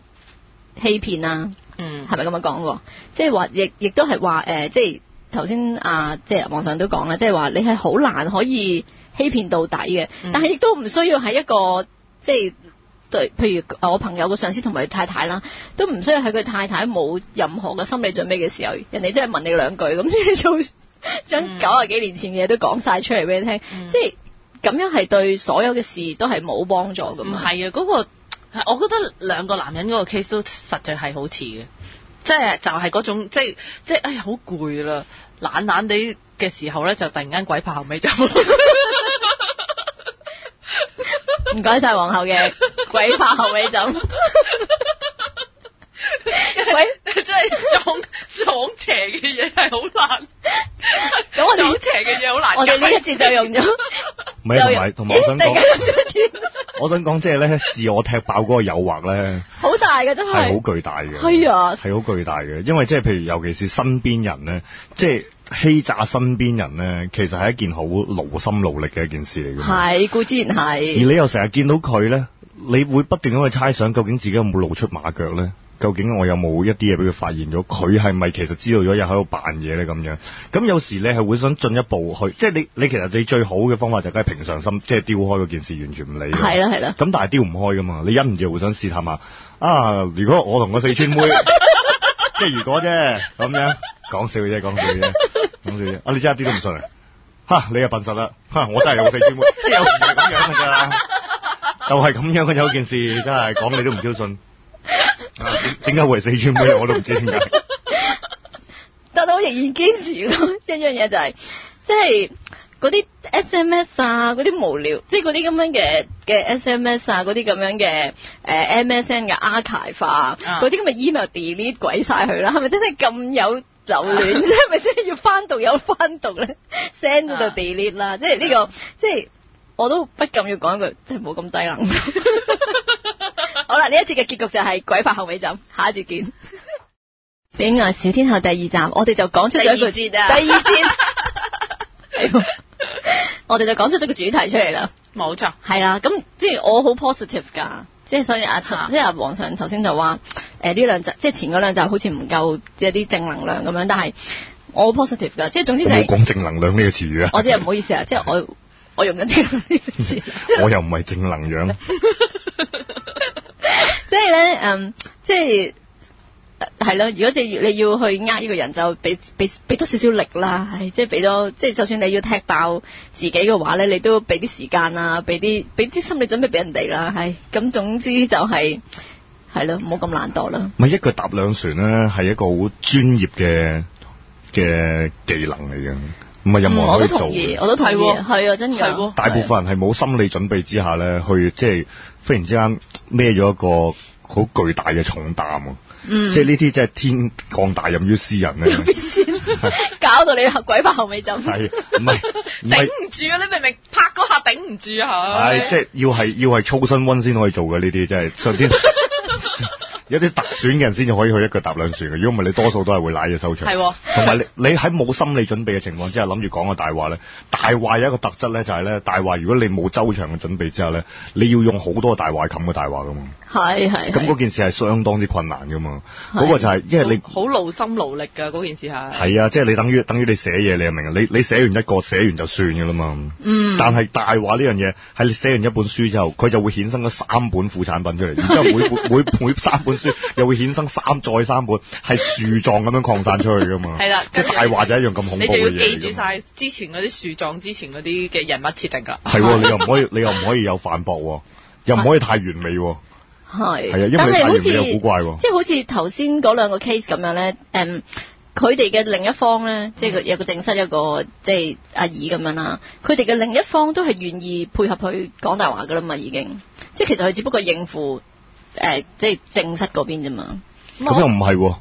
欺騙啦、啊。嗯，係咪咁樣講過？即係話亦亦都係話誒，即係頭先啊，即係網上都講啦，即係話你係好難可以欺騙到底嘅，嗯、但係亦都唔需要係一個即係。對，譬如我朋友個上司同埋佢太太啦，都唔需要喺佢太太冇任何嘅心理準備嘅時候，人哋即係問你兩句，咁先至將九啊幾年前嘅嘢都講晒出嚟俾你聽，嗯、即係咁樣係對所有嘅事都係冇幫助噶嘛不是的。係啊，嗰個，我覺得兩個男人嗰個 case 都實在係好似嘅，即係就係、是、嗰種，即係即係，哎、就、呀、是，好攰啦，懶懶地嘅時候咧，就突然間鬼拍 後尾枕。唔該晒皇后嘅。鬼拍後尾枕，鬼真係撞撞邪嘅嘢係好難。咁我 撞邪嘅嘢好難，我呢一次就用咗。唔係同埋同埋，我想講， 我想講，即係咧自我踢爆嗰個誘惑咧，好大嘅，真係，係好巨大嘅，係啊，係好巨大嘅。因為即係譬如，尤其是身邊人咧，即係欺詐身邊人咧，其實係一件好勞心勞力嘅一件事嚟嘅。係固之然係，而你又成日見到佢咧。你會不斷咁去猜想，究竟自己有冇露出馬腳咧？究竟我有冇一啲嘢俾佢發現咗？佢係咪其實知道咗又喺度扮嘢咧？咁樣，咁有時你係會想進一步去，即係你你其實你最好嘅方法就梗係平常心，即係丟開嗰件事，完全唔理的。係啦係啦。咁但係丟唔開噶嘛？你忍唔住會想試探下啊？如果我同個四川妹， 即係如果啫咁樣，講笑嘅啫，講笑啫，講笑嘅。啊，你真係一啲都唔信啊！吓，你又笨實啦！吓，我真係有四川妹，即、欸、有時係咁樣噶。就係、是、咁樣嘅有件事真，真係講你都唔相信，點解會四川咩我都唔知點解。但係我仍然堅持咯，一樣嘢就係、是，即係嗰啲 S M S 啊，嗰啲無聊，即係嗰啲咁樣嘅嘅 S M S 啊，嗰啲咁樣嘅誒、呃、M S N 嘅 a r c h archive 化、啊，嗰啲咁嘅 email delete 鬼晒佢啦，係咪真係咁有就亂、啊 啊？即係咪真係要翻讀有翻讀咧？send 嗰度 delete 啦，即係呢個即係。我都不禁要講一句，即係冇咁低能 好了。好啦，呢一次嘅結局就係鬼拍後尾枕，下一次見。戀愛小天后第二集？我哋就講出咗一個字第二節、啊， 我哋就講出咗個主題出嚟啦。冇錯，係啦、啊。咁即係我好 positive 噶，即係所以阿、啊、陳、 呃，即係阿黃尚頭先就話，誒呢兩集即係前嗰兩集好似唔夠一啲正能量咁樣，但係我好 positive 噶，即係總之係、就、講、是、正能量呢個詞語啊我。我真係唔好意思啊，即係我。 我用緊啲，我又唔係正能量 即係咧，嗯，即係係咯。如果你要去呃呢個人，就俾俾俾多少少力啦。係、就是，即係俾多，即係就算你要踢爆自己嘅話咧，你都俾啲時間啊，俾啲俾啲心理準備俾人哋啦。係，咁總之就係係咯，唔好咁懶惰啦。咪一,一個搭兩船咧，係一個好專業嘅嘅技能嚟嘅。唔係任何人可以做、嗯，我都睇過，係啊、哦哦，真係、哦，大部分人係冇心理準備之下咧，去即係忽然之間孭咗一個好巨大嘅重擔，即係呢啲真係天降大任於斯人咧，搞、嗯、到你鬼拍後尾枕，唔係頂唔住，啊。你明唔明拍嗰下頂唔住吓？係即係要係要係操身溫先可以做嘅呢啲，真 係、就是、上天。 有啲特選嘅人先至可以去一腳踏兩船嘅，如果唔係你多數都係會賴嘢收場。係、哦，同埋你喺冇心理準備嘅情況之下諗住講個大話咧，大話有一個特質咧就係、是、咧，大話如果你冇周詳嘅準備之後咧，你要用好多大話冚個大話噶嘛。係係。咁嗰件事係相當之困難噶嘛。嗰個就係、是、因為你好勞心勞力㗎嗰件事係。係啊，即、就、係、是、你等於等於你寫嘢，你明你你寫完一個寫完就算㗎啦嘛。嗯、但係大話呢樣嘢係你寫完一本書之後，佢就會衍生咗三本副產品出嚟，然之後每每每三本。 又會衍生三再三本，係樹狀咁樣擴散出去噶嘛？係 啦，即係大話就一樣咁恐怖嘅嘢。你就要記住曬之前嗰啲樹狀，之前嗰啲嘅人物設定㗎。係， 你又唔可以，你又唔可以有反駁，又唔可以太完美。係，係啊，因為反駁又怪，即係好似頭先嗰兩個 case 咁樣咧，誒、嗯，佢哋嘅另一方咧、嗯，即係有個正室，有個即係阿姨咁樣啦。佢哋嘅另一方都係願意配合佢講大話㗎啦嘛，已經。即係其實佢只不過應付。誒、哎，即係正室嗰邊啫嘛，咁又唔係、啊，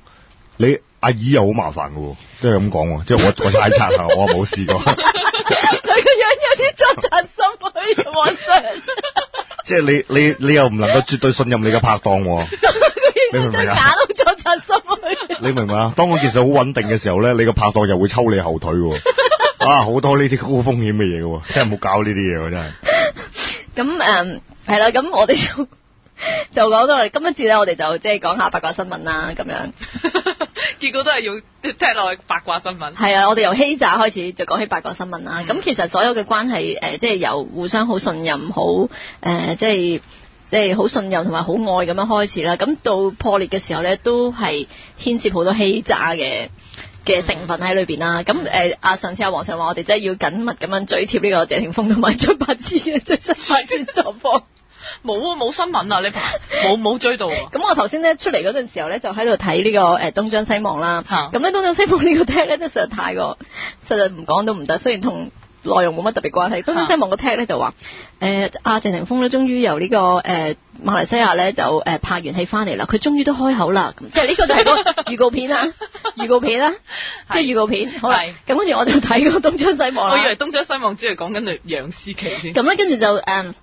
你阿姨又好麻煩噶，即係咁講，即係我我猜測啊，就是啊就是、我冇試 過。佢 個 樣有啲作賊心虛 即係你你你又唔能夠絕對信任你嘅拍檔喎、啊， 你明唔明啊？假到作賊心虛。 你明唔明啊？當我其實好穩定嘅時候咧，你個拍檔又會抽你後腿喎、啊。好、 啊、多呢啲高風險嘅嘢喎，真係唔好搞呢啲嘢真係。咁 誒，係、嗯、啦，咁我哋。就講到嚟，今次我們一次呢，我哋就即係講下八卦新聞啦，咁樣， 結果都係要聽落去八卦新聞。係啊，我哋由欺詐開始就講起八卦新聞啦。咁、嗯、其實所有嘅關係誒，即、呃、係、就是、由互相好信任、好誒，即係即係好信任同埋好愛咁樣開始啦。咁到破裂嘅時候呢，都係牽涉好多欺詐嘅嘅成分喺裏邊啦。咁、嗯、誒，阿上次阿黃 Sir 話、這個，我哋真係要緊密咁樣追貼呢個謝霆鋒同埋張柏芝嘅最新發展狀況。 冇啊，冇新聞啊呢排，冇冇追到啊 那剛才。咁我頭先咧出嚟嗰陣時候咧，就喺度睇呢個誒東張西望啦。咁、啊、咧東張西望呢個 tag 咧，真係實在太過，實在唔講都唔得。雖然同內容冇乜特別關係，東張西望、呃啊這個 tag 咧就話，誒阿謝霆鋒咧終於由呢個誒馬來西亞咧就誒、呃、拍完戲翻嚟啦，佢終於都開口啦。 即係呢個就係個預告片啊，預 告片啦、啊，即係預告片。好啦。咁跟住我就睇個東張西望啦。我以為東張西望只係講緊楊思琦添。咁咧跟住就誒。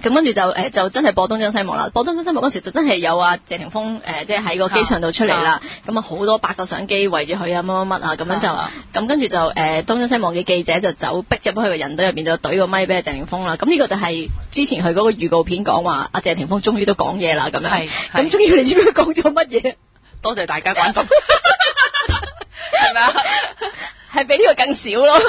咁跟住就誒，就真係播啊啊啊啊呃《東張西望》啦。播《東張西望》嗰時就真係有阿謝霆鋒誒，即係喺個機場度出嚟啦。咁啊，好多八個相機圍住佢啊，乜乜乜啊，咁樣就咁跟住就誒，《東張西望》嘅記者就走，逼入咗去個人堆入邊，就懟個咪俾阿謝霆鋒啦。咁呢個就係之前佢嗰個預告片講話阿謝霆鋒終於都講嘢啦，咁樣。係。咁終於你知佢講咗乜嘢？多謝大家關心 是吧。係咪啊？係比呢個更少咯。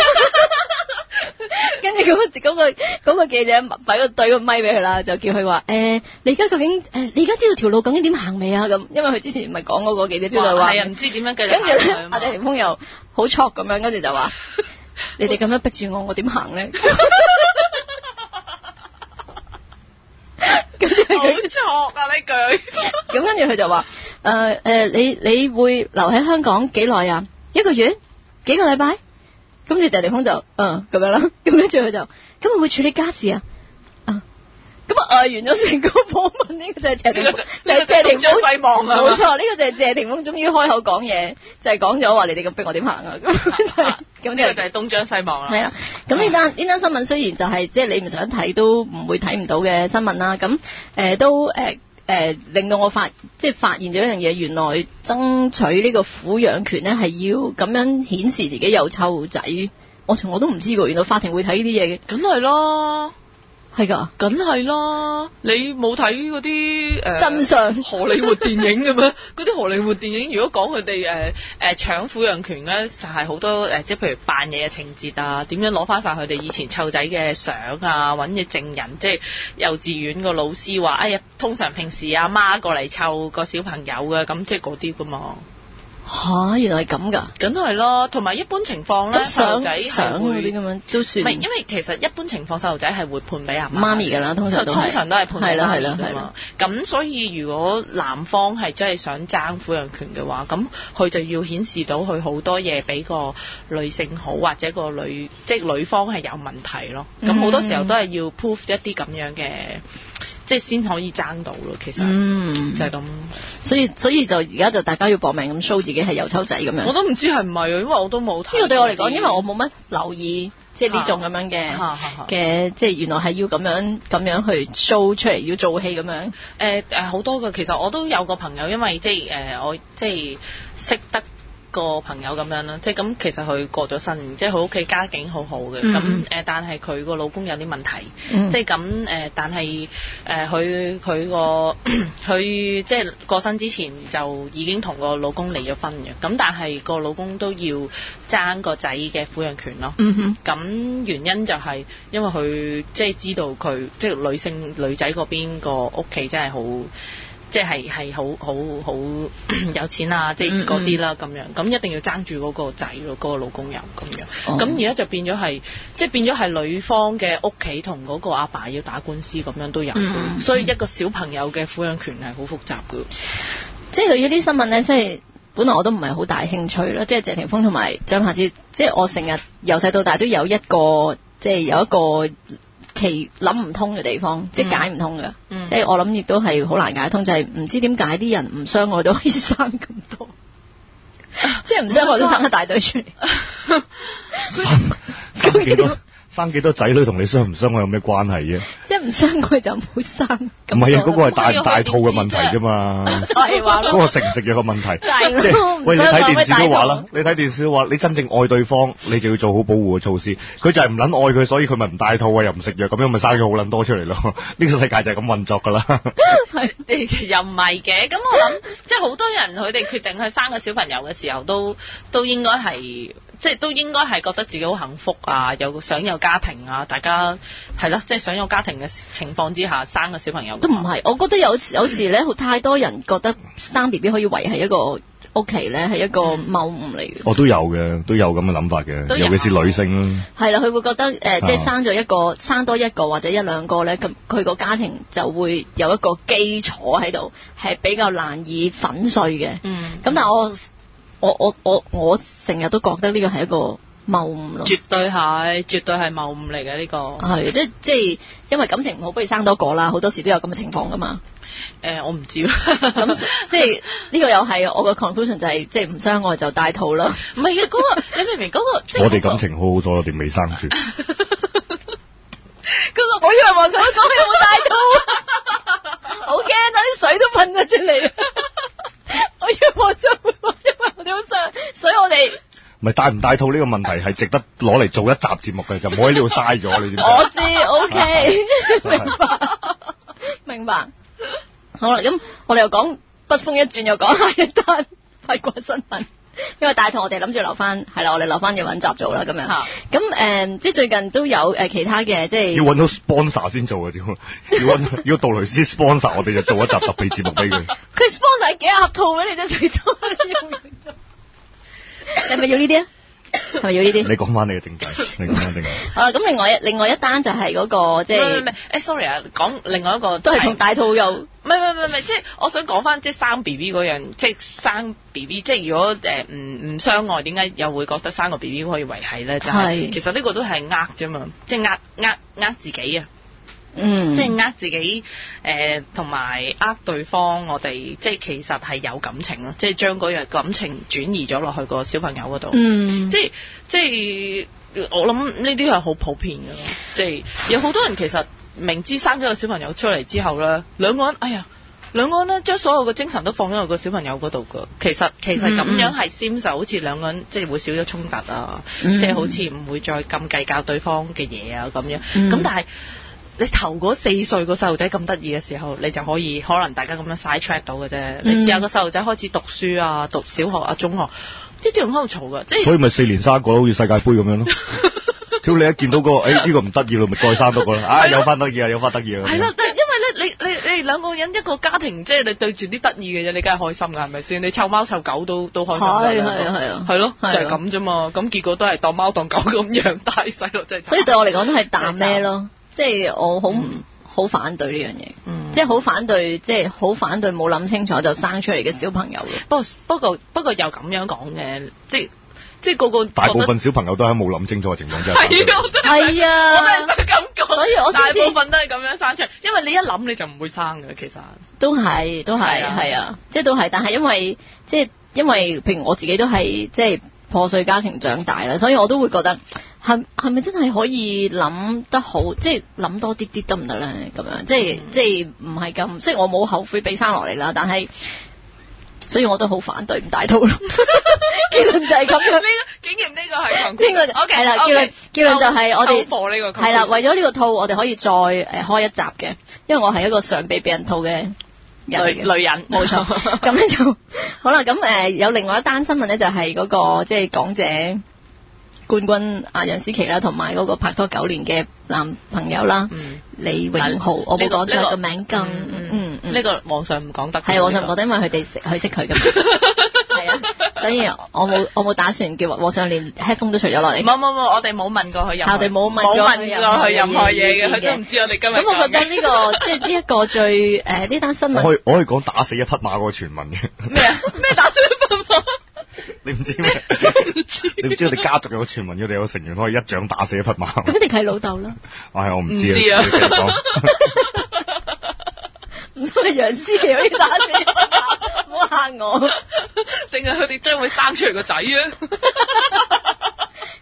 跟住嗰個記、那個那個記者擺個對個咪俾佢啦，就叫佢話：誒、呃，你而家究竟誒、呃，你而家知道條路究竟點行未啊？咁因為佢之前唔係講過個記者，啊啊、就話唔知點樣。跟住阿謝霆鋒又好錯咁樣，跟住就話：你哋咁樣逼住我，我點行咧？好 錯 激啊呢句！咁跟住佢就話：誒 誒、呃呃，你你會留喺香港幾耐啊？一個月？幾個禮拜？跟住就謝霆鋒就嗯咁樣啦，咁跟住佢就，咁會唔會處理家事啊？啊，咁啊，挨完咗成個訪問呢個就係謝霆鋒，呢個呢個、就係東張西望啊！冇、呢個、錯，呢、呢個就係謝霆鋒終於開口講嘢，就係講咗話你哋咁逼我點行啊！咁咁呢個就係東張西望啦。係、嗯、啦，咁呢單呢單新聞雖然就係即係你唔想睇都唔會睇唔到嘅新聞啦，咁誒、呃、都誒。呃誒、呃，令到我發即係發現咗一樣嘢，原來爭取呢個撫養權咧，係要咁樣顯示自己有湊仔。我從我都唔知道，原來法庭會睇呢啲嘢嘅，梗係囉。係噶，梗係咯。你冇睇嗰啲誒真相荷里活電影噶咩？嗰 啲荷里活電影如果講佢哋誒誒搶撫養權咧，就係好多誒，即、呃、係譬如扮嘢嘅情節啊，點樣攞翻晒佢哋以前湊仔嘅相啊，揾嘅證人，即係幼稚園個老師話，哎呀，通常平時阿媽過嚟湊個小朋友嘅，咁即係嗰啲噶嘛。吓、啊，原來係咁噶，咁係咯，同埋一般情況咧，細路仔想啲咁樣都算。唔係，因為其實一般情況細路仔係會判俾阿媽咪噶啦，通常都係。通常都係判俾媽咪噶嘛。咁所以如果男方係真係想爭撫養權嘅話，咁佢就要顯示到佢好多嘢比個女性好，或者個女即女方係有問題咯。咁好多時候都係要 prove 一啲咁樣嘅。即係先可以爭到咯，其實，嗯，就係咁。所以所以就而家就大家就要搏命咁 show 自己係油抽仔咁樣。我都唔知係唔係，因為我都冇睇。呢個對我嚟講，因為我冇乜留意，即係呢種咁樣嘅嘅、啊啊啊，即係原來係要咁樣咁樣去 show 出嚟，要做戲咁樣。誒、呃、誒，好、呃、多嘅，其實我都有個朋友，因為即係誒、呃，我即係識得。個朋友咁樣啦，即係咁其實佢過咗身，即係佢屋企家境好好嘅，咁、嗯、誒但係佢個老公有啲問題，即係咁誒，但係誒佢佢個佢即係過身之前就已經同個老公離咗婚嘅，咁但係個老公都要爭個仔嘅撫養權咯，咁、嗯、原因就係因為佢即係知道佢即係女性女仔嗰邊個屋企真係好。即係係好好好有錢啊！嗯嗯即係嗰啲啦咁樣，咁一定要爭住嗰個仔咯，嗰、嗰個老公又咁樣。咁而家就變咗係，即係變咗係女方嘅屋企同嗰個阿爸，爸要打官司咁樣都有。嗯嗯所以一個小朋友嘅撫養權係好複雜噶、嗯。嗯、即係對於啲新聞咧，即係本來我都唔係好大興趣囉。即係謝霆鋒同埋張柏芝，即係我成日由細到大都有一個，即係有一個。其諗唔通嘅地方，即係解唔通嘅，即、嗯、係我諗亦都係好難解通，就係、是、唔知點解啲人唔相愛到可以生咁多，即係唔相愛都生一大堆出嚟。 生幾多仔女同你相唔相愛有咩關係啫？即係唔相愛就唔好生。唔係啊，嗰、那個係大、大肚嘅問題啫嘛。大話咯。嗰個食唔食藥嘅問題，即 係、就是、喂，你睇電視都話啦，你睇電視都話，你真正愛對方，你就要做好保護嘅措施。佢就係唔捻愛佢，所以佢咪唔戴套啊，又唔食藥，咁樣咪生咗好捻多出嚟咯。呢 個世界就係咁運作噶啦 係又唔係嘅？咁我諗，即係好多人佢哋決定去生個小朋友嘅時候都，都都應該係。即係都應該係覺得自己好幸福啊，有想有家庭啊，大家係啦，即係想有家庭嘅情況之下生個小朋友。都唔係，我覺得有有時咧，太多人覺得生 BB 可以維係一個屋企咧，係一個謬誤嚟嘅。嗯。我都有嘅，都有咁嘅諗法嘅，尤其是女性咯。係啦，佢會覺得，呃，即係生咗一個，生多一個或者一兩個咧，咁佢個家庭就會有一個基礎喺度，係比較難以粉碎嘅。嗯。咁，但係我。我我我我成日都覺得呢個係一個謬誤咯，絕對係，絕對係謬誤嚟嘅呢個。係即即係因為感情唔好，不如生多個啦，好多時都有咁嘅情況噶嘛、呃。誒，我唔知，咁即係呢 個又係我個 conclusion 就係、係、即係唔相愛就帶套啦。唔係嘅，嗰個你明明嗰、嗰個， 我哋感情好好咗，我哋未生住 。嗰個我以為黃小姐講嘢冇帶套，好驚啊，啲 水都噴得出嚟。 我要我做，因為我哋好衰，所以我哋唔係戴唔戴套呢個問題係值得攞嚟做一集節目嘅， 就唔好喺呢度嘥咗，你知唔知？我知，OK， 明白， 明白 明白。好啦，咁我哋又講北風一轉，又講下一單八卦新聞。因為大兔，我哋諗住留翻，係啦，我哋留翻嘅搵集做啦，咁樣。咁誒、啊嗯，即係最近都有誒其他嘅，即係要揾到 sponsor 先做嘅。點啊？要搵要杜蕾斯 sponsor，我哋就做一集特備節目俾佢。佢 sponsor 是幾盒套俾你啫，最多。係咪要呢啲啊？係咪要呢啲？你講翻你嘅正界。 你講翻正計。啊， 咁另外另外一單就係嗰、嗰個即係，誒、哎、，sorry 啊，講另外一個都係同大兔有。唔係唔係唔係，即係我想講翻即係生 B B 嗰樣，即係生 B B，即係如果誒唔唔相愛，點解又會覺得生個 B B 可以維係咧？就係、是、其實呢個都係呃啫嘛，即係呃呃呃自己啊，嗯，即係呃自己誒同埋呃對方，我哋即係其實係有感情咯，即係將嗰樣感情轉移咗落去個小朋友嗰度，嗯、就是，即係即係我諗呢啲係好普遍㗎咯，即、就、係、是、有好多人其實。明知生咗個小朋友出嚟之後咧，兩個人哎呀，兩個人咧將所有嘅精神都放咗喺個小朋友嗰度噶。其實其實咁樣係 similar 好似兩個人即係、嗯、會少咗衝突啊，即、嗯、係、就是、好似唔會再咁計較對方嘅嘢啊咁樣。咁、嗯、但係你頭嗰四歲個細路仔咁得意嘅時候，你就可以可能大家咁樣 side track 到嘅啫、嗯。你有個細路仔開始讀書啊，讀小學啊，中學，即啲人喺度嘈噶，即、就、係、是、所以咪四年三個個，好似世界盃咁樣咯。 只要你一見到嗰、那個，呢、哎這個唔得意啦，咪再生多個啦，啊有翻得意啊，有翻得意啊！係咯、啊啊，但係因為咧，你你你兩個人一個家庭，即、就、係、是、你對住啲得意嘅嘢，你梗係開心㗎，係咪先？你湊貓湊狗都都開心㗎，係啊係啊係咯、啊啊啊啊啊啊啊，就係咁啫嘛。咁結果都係當貓當狗咁養大細路仔。所以對我嚟講都係打咩咯？即係、啊就是、我好唔好反對呢樣嘢，即係好反對，即係好反對冇諗清楚就生出嚟嘅小朋友。嗯、不過不過不過又咁樣講嘅，即、就、係、是。即係個個大部分小朋友都喺冇諗清楚嘅情況之下，係啊，我係咁講，所以我大部分都係咁樣生出嚟，因為你一諗你就唔會生嘅，其實都係，都係，係啊，即係都係，但係因為即係因為譬如我自己都係即係破碎家庭長大啦，所以我都會覺得係係咪真係可以諗得好，即係諗多啲啲得唔得咧？咁樣即係即係唔係咁？即係我冇後悔俾生落嚟啦，但係。所以我都好反對唔帶套咯。結論就係咁樣。呢、這個竟然呢個係強姦，OK，係啦。結論結論就係我哋係啦，為咗呢個套，我哋可以再、呃、開一集嘅，因為我係一個常被別人套嘅女，女人，冇錯。咁 呢就好啦。咁、呃、有另外一單新聞呢，就係、是、嗰、那個即係港姐。嗯就是冠軍阿楊思琦啦，同埋嗰個拍拖九年嘅男朋友啦，李泳豪，我冇講出個名咁，嗯，呢、這個網上唔講得，係網上唔講得，因為佢哋佢識佢咁，係 啊，所以我冇我冇打算叫網上連 headphone 都除咗落嚟，冇冇冇，我哋冇問過佢任何，冇問過佢任何嘢嘅，佢都唔知道我哋今日咁，那我覺得呢、這個即係呢一個最誒呢單新聞，我可以講打死一匹馬個傳聞嘅，咩啊咩打死一匹馬？ 你唔知咩？ 我知你唔知，你家族有傳聞，佢哋有成員可以一掌打死一匹馬。咁一定係老豆啦？唉、哎，我唔知，知啊。唔通係楊思琦可以打死一匹馬。唔好嚇我。定係佢哋將會生出嚟個仔啊！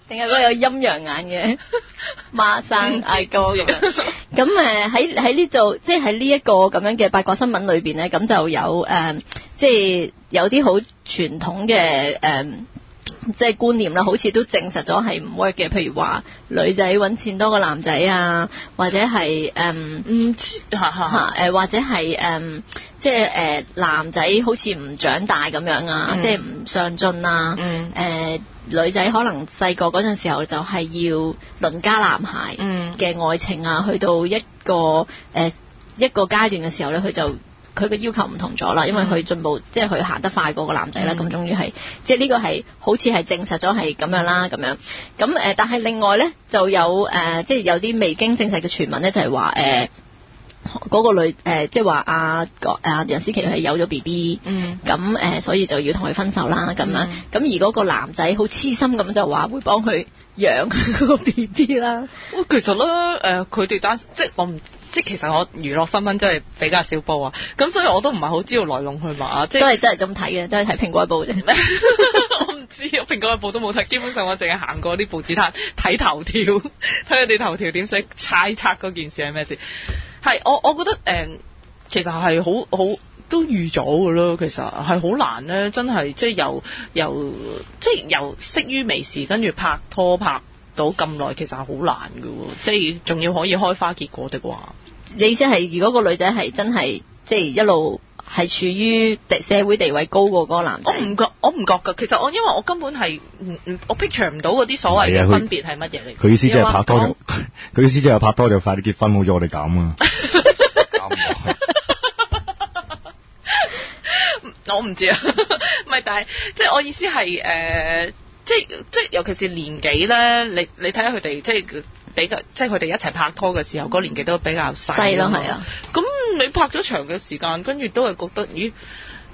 定係嗰個有陰陽眼嘅孖生阿哥嘅，咁誒，喺喺呢度，即係喺呢一個咁樣嘅八卦新聞裏邊咧，咁就有誒，即、嗯、係、就是、有啲好傳統嘅誒。嗯即係觀念啦，好似都證實咗係唔 work 嘅。譬如話女仔揾錢多過男仔啊，或者係誒，嗯，吓誒，或者係誒，即係誒，男仔好似唔長大咁樣啊，即係唔上進啊，誒、嗯呃，女仔可能細個嗰陣時候就係要鄰家男孩嘅愛情啊、嗯，去到一個誒一個階段嘅時候呢，佢就。佢嘅要求唔同咗啦，因為佢進步，嗯、即係佢行得快過那個男仔啦，咁終於係，即係呢個係好似係證實咗係咁樣啦，咁樣，咁誒，但係另外咧就有誒、呃，即係有啲未經證實嘅傳聞咧，就係話誒，嗰、呃那個女誒、呃，即係話阿阿楊思琦係有咗 B B，嗯，咁誒，所以就要同佢分手啦，咁樣，咁而嗰個男仔好痴心咁就話會幫佢。養佢個 B B 啦，其實咧，誒，佢哋單，即係我唔即係，其實我娛樂新聞真係比較少報啊，咁所以我都唔係好知道來龍去脈啊，即係都係真係咁睇嘅，都係睇蘋果日報啫咩？我唔知，蘋果日報 都冇睇，基本上我淨係行過啲報紙攤睇頭條，睇佢哋頭條點寫，猜測嗰件事係咩事？係我我覺得誒、呃，其實係好好。都預咗嘅咯，其實係好難咧，真係即係由又即係又識於微時，跟住拍拖拍到咁耐，其實係好難嘅喎，即係仲要可以開花結果的話。你意思係如果個女仔係真係即係一路係處於社會地位高過嗰個男仔？我唔覺，我唔覺嘅。其實我因為我根本係唔唔，我 picture 唔到嗰啲所謂嘅分別係乜嘢嚟。佢意思即係拍拖就，佢意思即係拍，拍拖就快啲結婚，好似我哋噉啊！ 我唔知啊，唔係。但係即係我意思係誒，即係即係尤其是年紀咧，你你睇下佢哋即係比較，即係佢哋一齊拍拖嘅時候，嗰個年紀都比較細咯。係啊，咁你拍咗長嘅時間，跟住都係覺得咦。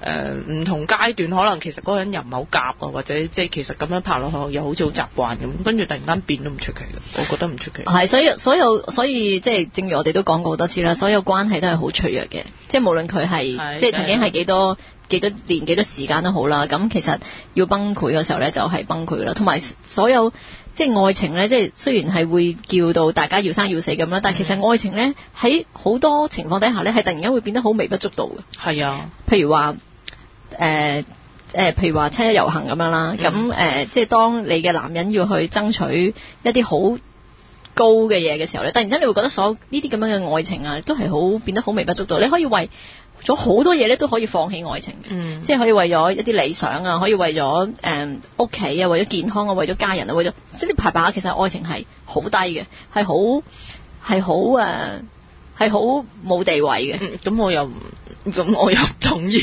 誒、呃，唔同階段可能其實嗰個人又唔係好夾啊，或者即係其實咁樣拍落去又好似好習慣咁，跟住突然間變都唔出奇嘅，我覺得唔出奇。係，所以所有所以即係正如我哋都講過好多次啦，所有關係都係好脆弱嘅，即係無論佢係即係曾經係幾多幾多年幾多時間都好啦，咁其實要崩潰嘅時候呢，就係崩潰啦。同埋所有即係愛情呢，即係雖然係會叫到大家要生要死咁啦，但係其實愛情呢，喺好多情況底下呢，係突然間會變得好微不足道嘅。係啊，譬如話。誒、呃、誒、呃，譬如話七一遊行咁樣啦，咁、嗯、誒、呃，即係當你嘅男人要去爭取一啲好高嘅嘢嘅時候咧，突然間你會覺得所呢啲咁樣嘅愛情啊，都係好變得好微不足道。你可以為咗好多嘢咧，都可以放棄愛情嘅，嗯、即係可以為咗一啲理想啊，可以為咗誒屋企啊，為咗健康啊，為咗家人啊，為咗，即係呢排把其實愛情係好低嘅，係好係好啊。係好冇地位嘅，咁、嗯、我又咁我又唔同意。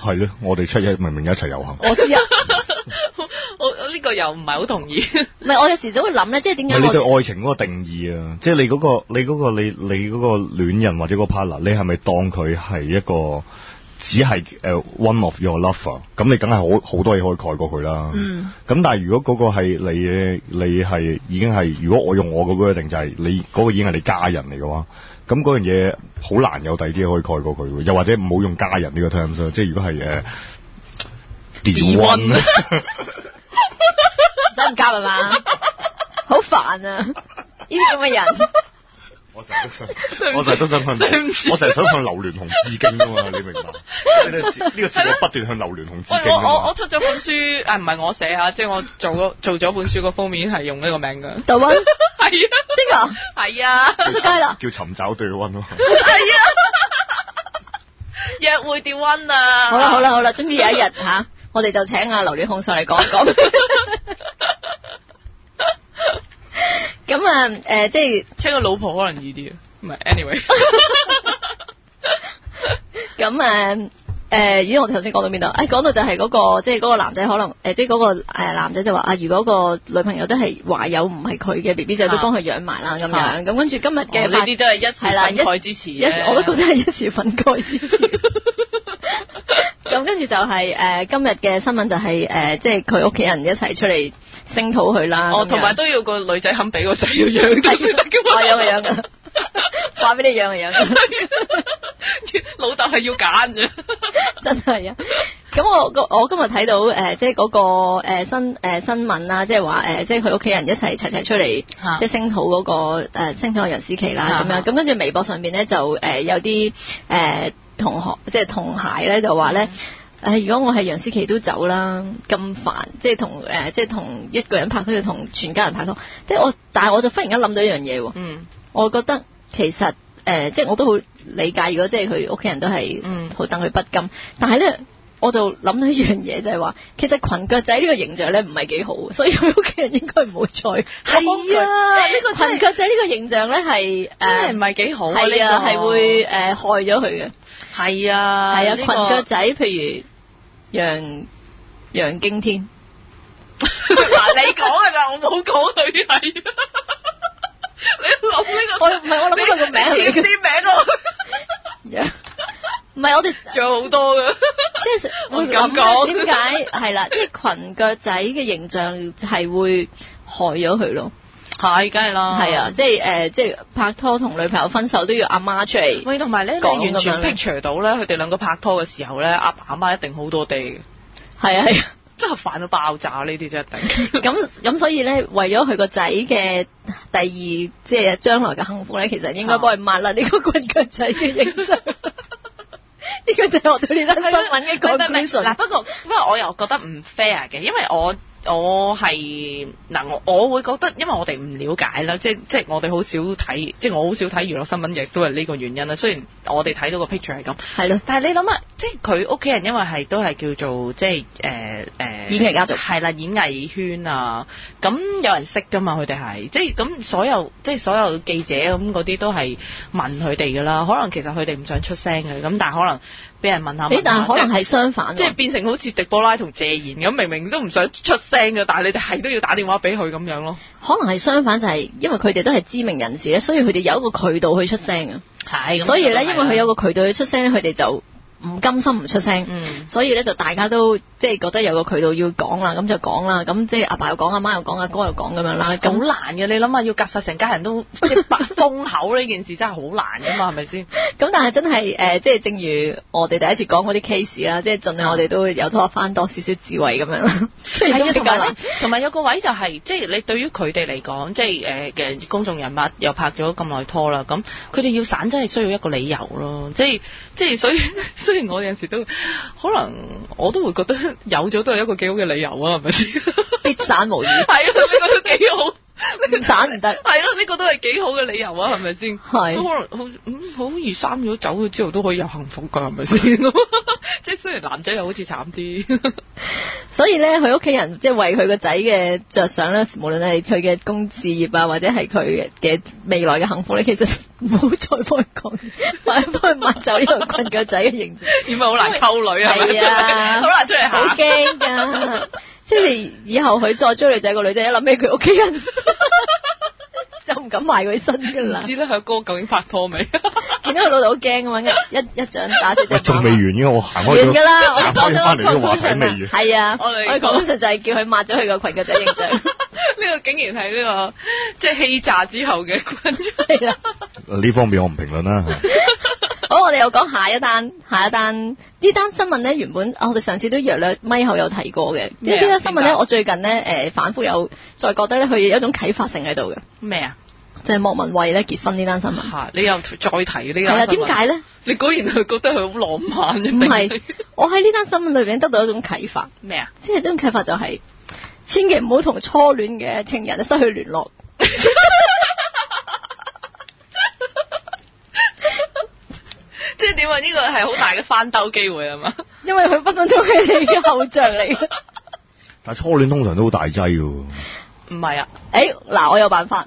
係 咧，我哋七一明明一齊遊行。我知啊， 我我呢、這個又唔係好同意。唔 係我有時就會諗咧，即係點解？你對愛情嗰個定義啊，即、嗯、係、就是、你嗰、那個你嗰、那個你你嗰個戀人或者個 partner，你係咪當佢係一個只係誒 one of your lover？咁你梗係好好多嘢可以蓋過佢啦。咁、嗯、但係如果嗰個係你嘅，你係已經係如果我用我嗰個定就係、是、你嗰個已經係你家人嚟嘅話。咁嗰樣嘢好難有第二啲可以蓋過佢又或者唔好用家人呢個 terms 即係如果係誒電 one，使唔夾啊嘛，好煩啊！呢啲咁嘅人。我就係都想，我就係都想向我成日想向劉鑾雄致敬啊嘛，你明白？呢 個節目不斷向劉鑾雄致敬我我,我出咗本書，誒唔係我寫啊，即係我,、就是、我做咗做咗本書個封面係用呢個名噶。the one 係邊個？係啊，出街啦。叫尋找 the one 咯。係啊。約會 the one 啊！好啦好啦好啦，終於有一日吓、啊，我哋就請阿劉鑾雄上嚟講一講。咁、嗯、啊，誒、呃，即係即係個老婆可能易啲，啊 不，唔係，anyway、 嗯。咁、呃、誒，誒，而家我頭先講到邊度？誒、哎，講到就係嗰、那個，即係嗰個男仔可能，誒、呃，即係嗰個誒、呃、男仔就話啊，如果個女朋友都係懷有唔係佢嘅 B B 仔，寶寶啊、都幫佢養埋啦，咁樣。咁跟住今日嘅，呢啲都係一時憤慨之詞。我都覺得係一時憤慨之詞。咁跟住就係、是、誒、呃，今日嘅新聞就係、是、誒，即係佢屋企人一齊出嚟。聲討佢啦，哦，同埋都要個女仔肯俾個仔要養，係要得嘅嘛，養啊養啊，話俾你養養，老豆係要揀嘅，真、呃、係啊！咁我我今日睇到誒，即係嗰個誒新誒新聞啦，即係話誒，即係佢屋企人一齊齊齊出嚟，即係聲討嗰個誒聲討個楊思琦啦，咁樣，咁跟住微博上邊咧就誒、呃、有啲誒、呃、同學即係、就是嗯、同鞋咧就話、是、咧。嗯誒，如果我係楊思琦都走啦，咁煩，即係同誒，即係同一個人拍拖，要同全家人拍拖，即係我，但係我就忽然間諗到一樣嘢，嗯，我覺得其實誒、呃，即係我都好理解，如果即係佢屋企人都係，嗯，好等佢不甘，嗯、但係咧，我就諗到一樣嘢，就係話，其實裙腳仔呢個形象咧唔係幾好，所以佢屋企人應該唔會再係啊，呢、這個裙腳仔呢個形象咧係誒真係唔係幾好，係啊，係、這個、會誒、呃、害咗佢嘅。係啊，係、這、啊、個，裙腳仔，譬如楊楊經天。嗱 說的， 是 你講係咪？我冇講佢係。你諗呢個？我唔係，我諗佢個名嚟嘅、這個。點點名咯。唔 係， 我哋仲有好多噶。即 係會咁講，點解係啦？即係裙腳仔嘅形象係會害咗佢咯。係，梗 係啦。係 啊，即係誒、呃，即係拍拖同女朋友分手都要阿媽出嚟。喂，同埋呢，即完全 picture 到咧，佢哋兩個拍拖嘅時候咧，阿爸阿媽一定好多地。係啊係、啊，真係煩到爆炸呢啲，這些真係一定咁咁，所以咧，為咗佢個仔嘅第二，即係將來嘅幸福咧，其實應該幫佢抹啦呢個棍腳仔嘅影相。呢、啊、 個就係我對你得新聞嘅嘅不過不過，我又覺得唔 fair 嘅，因為我。我係嗱，我我會覺得，因為我哋唔了解啦，即即我哋好少睇，即我好少睇娛樂新聞，亦都係呢個原因啦。雖然我哋睇到個 picture 係咁，係咯，但係你諗下，即佢屋企人因為係都係叫做即誒誒、呃、演藝家族，係啦，演藝圈啊，咁有人識㗎嘛？佢哋係即咁所有即所有記者咁嗰啲都係問佢哋㗎啦。可能其實佢哋唔想出聲嘅，咁但係可能。俾人問，下，問下，俾但係可能係相反，即係變成好似狄波拉同謝賢咁，明明都唔想出聲嘅，但係你哋係都要打電話俾佢咁樣咯。可能係相反就係，因為佢哋都係知名人士咧，所以佢哋有一個渠道去出聲啊。係，所以咧，因為佢有個渠道去出聲咧，佢哋就。唔甘心唔出聲，嗯、所以咧就大家都即係覺得有個渠道要講啦，咁就講啦，咁即係阿爸又講，阿媽，媽又講，阿哥，哥又講咁樣啦，咁難嘅，你諗下要夾實成家人都 一拍封口呢件事真係好難噶嘛，係咪先？咁但係真係誒，即、呃、係、就是、正如我哋第一次講嗰啲 case 啦，即、就、係、是、盡量我哋都有拖翻多少少智慧咁樣。係咁點解同埋有個位就係、是，即、就、係、是、你對於佢哋嚟講，即係誒嘅公眾人物又拍咗咁耐拖啦，咁佢哋要散真係需要一個理由咯，即係即係所以。 雖然我有陣時都可能我都會覺得有咗都係一個幾好嘅理由啊，係咪先？形單無語，係啊，你覺得幾好。 打唔得 對，係咯。呢個都係幾好嘅理由啊，係咪先？係，好，容易生咗走咗之後都可以有幸福噶，係咪先？即 係雖然男、就是、仔又好似慘啲，所以咧，佢屋企人即係為佢個仔嘅着想咧，無論係佢嘅公事業啊，或者係佢嘅未來嘅幸福咧，其實唔好再幫佢講，唔好幫佢抹走呢個困個仔嘅形象。點解好難溝女啊，係啊，好難出嚟好驚噶。即係以後佢再追女仔，個女仔一諗起佢屋企人， 就唔敢埋佢身噶啦。唔知咧，佢哥究竟拍拖未？見 到佢老豆好驚咁樣，一一掌打跌。一仲未完嘅，我行開咗、那個。完噶啦，我講咗。係啊，我講實就係叫佢抹咗佢個裙腳仔認罪。呢 個竟然係呢、這個即係欺詐之後嘅關係啦。呢、 啊啊、方面我唔評論啦。 好，我哋又講下一單，下一單呢單新聞咧，原本我哋上次都約略咪後有提過嘅。呢單新聞咧，我最近咧，誒、呃、反覆有再覺得咧，佢有一種啟發性喺度嘅。咩啊？就係、是、莫文蔚咧結婚呢單新聞。吓、啊，你又再提這單新聞、啊、為什麼呢？係啦，點解咧？你果然佢覺得佢好浪漫。唔係， 我喺呢單新聞裏邊得到一種啟發。咩啊？即係呢種啟發就係、是，千祈唔好同初戀嘅情人失去聯絡。 即係點啊？呢個係好大嘅翻兜機會啊嘛！ 因為佢分分鐘係你嘅偶像嚟。但係初戀通常都好大劑喎、啊欸，唔係啊？誒嗱，我有辦法，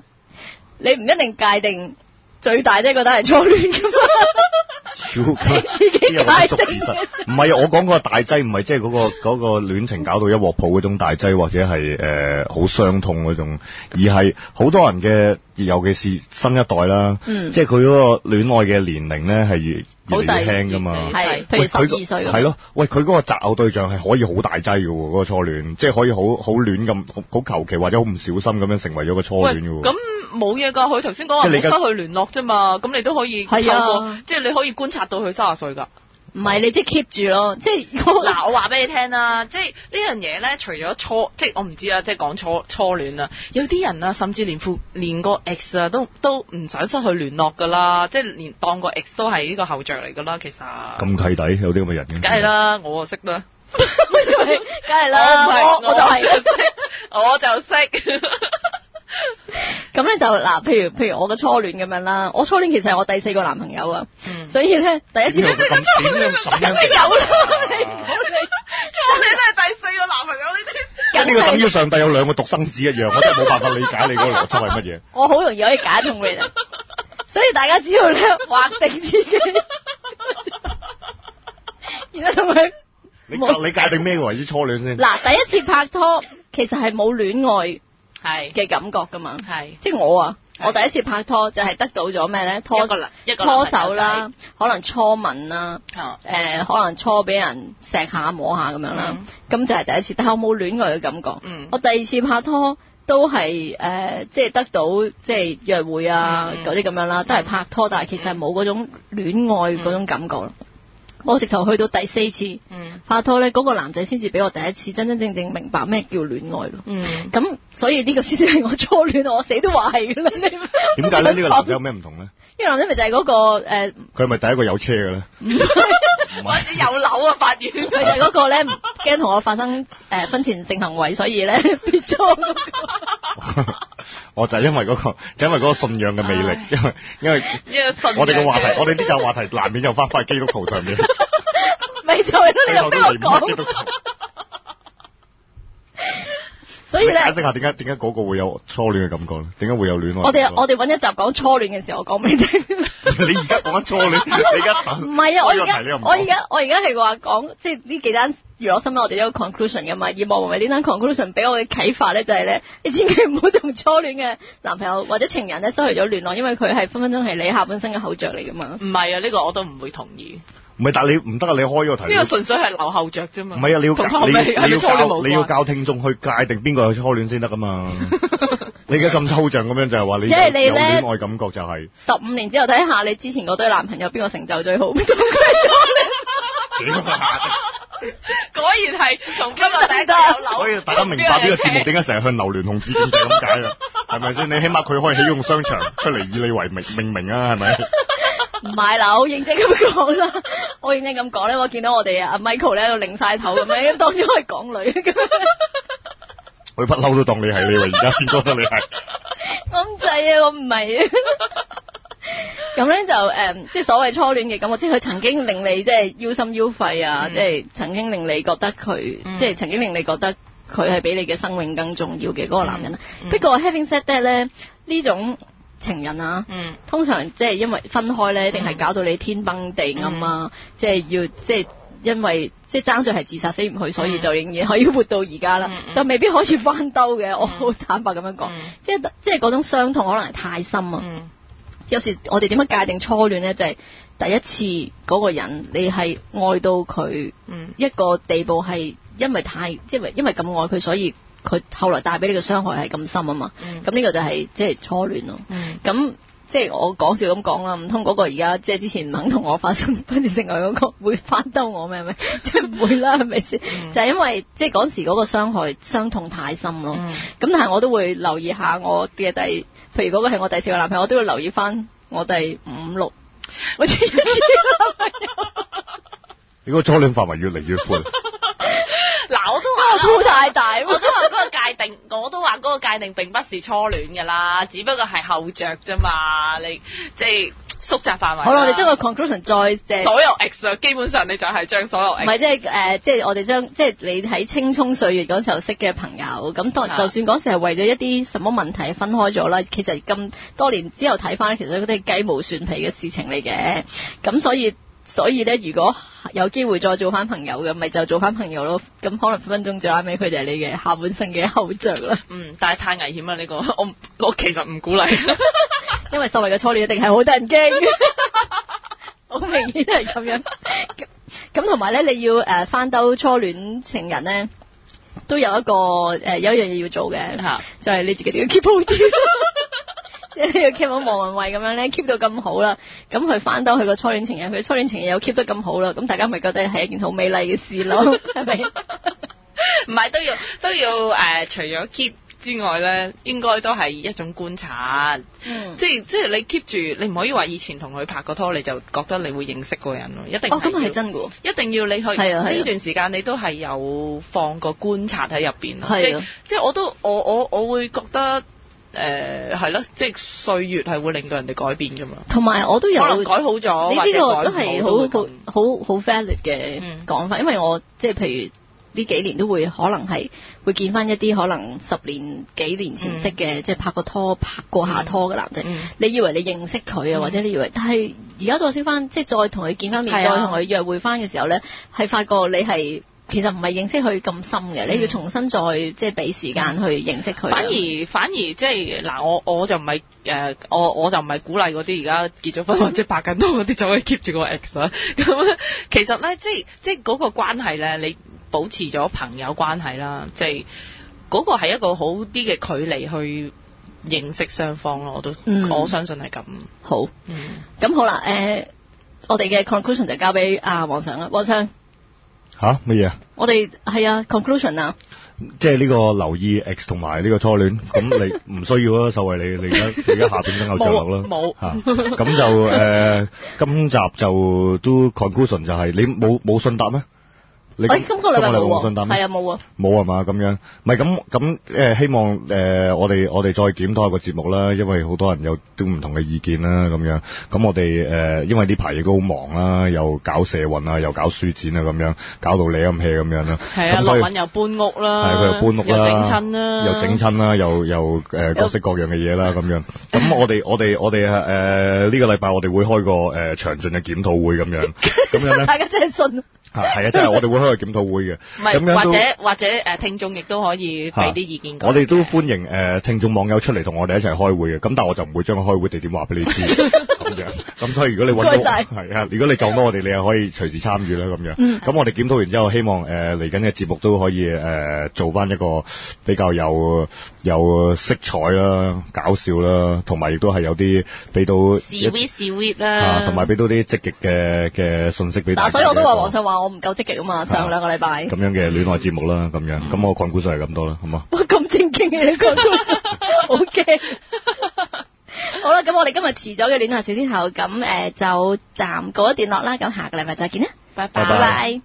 你唔一定界定。最大啫，覺得係初戀噶嘛， 自己大解劑， 唔係我講個大劑，那個，唔係即係嗰個戀個戀情搞到一鑊泡嗰種大劑，或者係誒好傷痛嗰種，而係好多人嘅，尤其是新一代啦，嗯、即係佢嗰個戀愛嘅年齡咧，係越嚟越年輕噶嘛，係，譬如十二歲，係咯，喂，佢嗰個擇偶對象係可以好大劑噶，嗰、那個初戀，即係可以好好戀咁，好求其或者好唔小心咁樣成為咗個初戀噶。冇嘢噶，佢頭先講話冇失去聯絡啫嘛，咁你都可以、啊、即係你可以觀察到佢卅歲噶。唔係，你即係 keep 住咯，即係嗱， 我話俾你聽啦，即係呢樣嘢咧，除咗初，即係我唔知呀，即係講初初戀啦，有啲人啊，甚至連副連個 X 啊，都都唔想失去聯絡噶啦，即係連當個 X 都係呢個後着嚟噶啦，其實。咁契底，有啲咁嘅人。梗係啦，我就識啦，梗係啦，我就識 我我我我、就是，我就識。 認 咁咧就嗱，譬如譬如我嘅初戀咁樣啦，我初戀其實係我第四個男朋友啊、嗯，所以咧第一次都識咁初戀，咁咪有咯，你唔好理，初戀都係第四個男朋友呢啲，呢、啊、個等於上帝有兩個獨生子一樣，我真係冇辦法理解你嗰個邏輯係乜嘢。我好容易可以假同佢，所以大家只要咧劃定自己， 然後同佢，你你界定咩為之初戀先？嗱，第一次拍拖其實係冇戀愛。係嘅感覺噶嘛，係，即係我啊，我第一次拍拖就係得到咗咩咧？拖一個，一個拖手啦，可能初吻啦，誒，可能初俾、啊呃嗯、人錫下摸下咁樣啦，咁、嗯、就係第一次。但係我冇戀愛嘅感覺、嗯。我第二次拍拖都係誒，即、呃、係、就是、得到即係、就是、約會啊嗰啲咁樣啦，嗯、都係拍拖，嗯、但係其實冇嗰種戀愛嗰、嗯嗯、種感覺咯。我直頭去到第四次拍拖咧，嗰、嗯嗰個男仔先至俾我第一次真真正正明白咩叫戀愛咯。咁、嗯、所以呢個先至係我初戀，我死都話係噶啦。你點解咧？呢個男仔有咩唔同咧？呢、呢個男仔咪就係嗰、嗰個誒，佢係咪第一個有車嘅咧？或者有樓啊？發現佢係嗰個咧，驚同我發生誒婚前性行為，所以咧別咗。別我就係因為嗰個，就因為嗰個信仰嘅魅力，因為因為我哋嘅話題，的我哋呢集話題難免又翻翻去基督徒上面。未 錯，係咯，你又俾我講。所以咧，解釋下點解點解嗰個會有初戀嘅感覺咧？點解會有戀愛？我哋我哋搵一集講初戀嘅時候，我講俾你聽。 你而家講緊初戀，你而家唔係啊！說我而家我而家 我而家係話講，即係呢幾單娛樂新聞，我哋都有個 conclusion 嘅嘛。而莫文蔚呢單 conclusion 俾我嘅啟發咧，就係、是、咧，你千祈唔好同初戀嘅男朋友或者情人咧，失去咗聯絡，因為佢係分分鐘係你下半身嘅口著嚟噶嘛。唔係啊，呢、這個我都唔會同意。唔係，但係你唔得啊！你開呢個題，呢、呢個純粹係留後着啫嘛。唔係啊，你要教你要教聽眾去界定邊個係初戀先得㗎嘛？ 你而家咁抽象咁樣就係、係、話你，你有戀愛感覺就係十五年之後睇下你之前嗰堆男朋友邊個成就最好 果然係從今日起都係，所以大家明白呢個節目點解成日向劉鑾雄致敬就咁解啦？係咪先？你起碼佢可以起用商場出嚟以你為名命名，名啊？係咪？唔買樓，認真咁講啦！我認真咁講咧，我見到我哋阿 Michael 咧喺度擰晒頭咁樣，當咗我係港女。佢不嬲都當你係呢喎，而家先覺得你係。 我唔制啊，我唔係、啊。咁 咧就誒、嗯，即係所謂初戀嘅，咁我即係佢曾經令你即係腰心腰肺啊，嗯、即係曾經令你覺得佢、嗯，即係曾經令你覺得佢係比你嘅生命更重要嘅嗰、那個男人啊。不、嗯、過 Having said that 咧，呢種。情人啊，嗯、通常即係因為分開咧，一定係搞到你天崩地暗啊！即、嗯、係、就是、要即係、就是、因為即係、就是、爭在係自殺死唔去，所以就仍然可以活到而家啦，就未必可以翻兜嘅、嗯。我好坦白咁樣講，即係即係嗰種傷痛可能係太深啊！有、嗯、時、就是、我哋點樣界定初戀咧，就係、是、第一次嗰個人，你係愛到佢、嗯、一個地步，係因為太即係、就是、因為咁愛佢，所以。佢後來帶俾你個傷害係咁深啊嘛，咁、嗯、呢個就係即係初戀咯。咁即係我講笑咁講啦，唔通嗰個而家即係之前唔肯同我發生，跟住另外嗰個會翻兜我咩？咩？即係唔會啦，係咪先？就係、是嗯、因為即係嗰時嗰個傷害傷痛太深咯。咁、嗯、但係我都會留意一下我嘅第，譬如嗰個係我第四個男朋友，我都會留意翻我第五六。你個 初戀範圍越嚟越闊。嗱，我都。好太大！ 我都話嗰個界定，我都話嗰個界定並不是初戀噶啦，只不過係後着啫嘛。你即係縮窄範圍。好啦，我哋將個 conclusion 再即、即係、所有 ex，基本上你就係將所有 ex。唔、呃、係，即係誒，即係我哋將即係你喺青蔥歲月嗰時候識嘅朋友，咁當就算嗰時係為咗一啲什麼問題分開咗啦，其實咁多年之後睇翻，其實都係雞毛蒜皮嘅事情嚟嘅。咁所以。所以咧，如果有機會再做翻朋友嘅，咪就做翻朋友咯。咁可能分分鐘最後尾佢哋係你嘅下半生嘅後着啦。嗯，但係太危險啦呢、呢個，我我其實唔鼓勵， 因為所謂嘅初戀一定係好得人驚，好 明顯係咁樣。咁同埋咧，你要誒、呃、翻兜初戀情人咧，都有一個誒、呃、有一樣嘢要做嘅， 就係你自己都要 keep 住啲。 定要 keep 到莫文蔚咁樣咧，keep 到咁好啦。咁佢翻到佢個初戀情人，佢初戀情人又 keep 得咁好啦。咁大家咪覺得係一件好美麗嘅事咯？係 咪不是？唔 係都要都要誒、呃，除咗 keep 之外咧，應該都係一種觀察。嗯、即係即係你 keep 住，你唔可以話以前同佢拍過拖，你就覺得你會認識個人咯。一定哦，咁、哦、係真噶，一定要你去呢、啊啊、段時間，你都係有放個觀察喺入邊。係、啊，即係我都我我我會覺得。誒、呃，係咯，即係歲月係會令到人哋改變噶嘛？同埋我都有改好咗。呢啲都係好好好 valid 嘅講法，嗯、因為我即係譬如呢幾年都會可能係會見翻一啲可能十年幾年前識嘅，嗯、即係拍過拖，拍過下拖嘅男仔。嗯、你以為你認識佢啊，嗯、或者你以為，嗯、但係而家再識翻，即係再同佢見翻面，嗯、再同佢約會翻嘅時候咧，係、嗯、發覺你係。其實唔係認識佢咁深嘅，你要重新再、嗯、即係俾時間去認識佢。反而反而即係嗱，我我就唔係誒，我我就唔係鼓勵嗰啲而家結咗婚、嗯、或者拍緊拖嗰啲就可以 keep 住個 ex 啦、嗯。咁其實咧，即係即係嗰個關係咧，你保持咗朋友關係啦，即係嗰、嗰個係一個好啲嘅距離去認識雙方咯。我都、嗯、我相信係咁好。咁、嗯、好啦，誒、呃，我哋嘅 conclusion 就交俾阿黃生啦，黃、啊、生。王 Sir, 王 Sir, 吓乜嘢啊？我哋係啊，conclusion 啊，即係呢個留意 X 同埋呢個初戀，咁你唔需要啦、啊，秀 慧你你而家而家下邊都有著落啦，冇、呃、吓，咁就誒，今集就都 conclusion 就係、是、你冇冇信答咩？喂、哎，今個禮拜冇啊，係啊，冇啊，冇啊嘛，咁樣，咪咁咁，誒、呃，希望，誒、呃，我哋我哋再檢討下個節目啦，因為好多人都有啲唔同嘅意見啦，咁樣，咁我哋，誒、呃，因為呢排亦都好忙啦，又搞社運啊，又搞書展啊，咁樣，搞到你咁氣咁樣啦，係啊，諾韻又搬屋啦，係佢、啊、又搬屋啦，又整親啦，又整親啦，又又，誒、呃，各式各樣嘅嘢啦，咁樣，咁我哋 我哋我哋，誒，呢、呃這個禮拜我哋會開個，誒、呃，詳盡嘅檢討會咁樣，咁 樣大家真係信。 是啊，係啊，即係我哋會開個檢討會嘅，咁樣，或者或者誒、呃、聽眾亦都可以俾啲意見，啊。我哋都歡迎誒、呃、聽眾網友出嚟同我哋一齊開會嘅，咁但係我就唔會將個開會地點話俾你知，咁 樣。咁所以如果你揾到，係啊，如果你撞到我哋， 你又可以隨時參與啦，咁樣。咁、嗯、我哋檢討完之後，希望誒嚟緊嘅節目都可以誒、呃、做翻一個比較有有色彩啦、搞笑啦，同埋亦都係有啲俾到 sweet sweet 啦，啊，同埋俾到啲積極嘅嘅信息俾大家。所以我都話皇我唔夠積極啊嘛，上兩個禮拜咁樣嘅戀愛節目啦，咁樣咁我講故仔係咁多啦，好嘛？哇，咁正經嘅講故仔，O K，好啦，咁 我哋今日遲咗嘅戀愛小天后，咁誒就暫告一段落啦，咁下個禮拜再見啦，拜拜拜拜。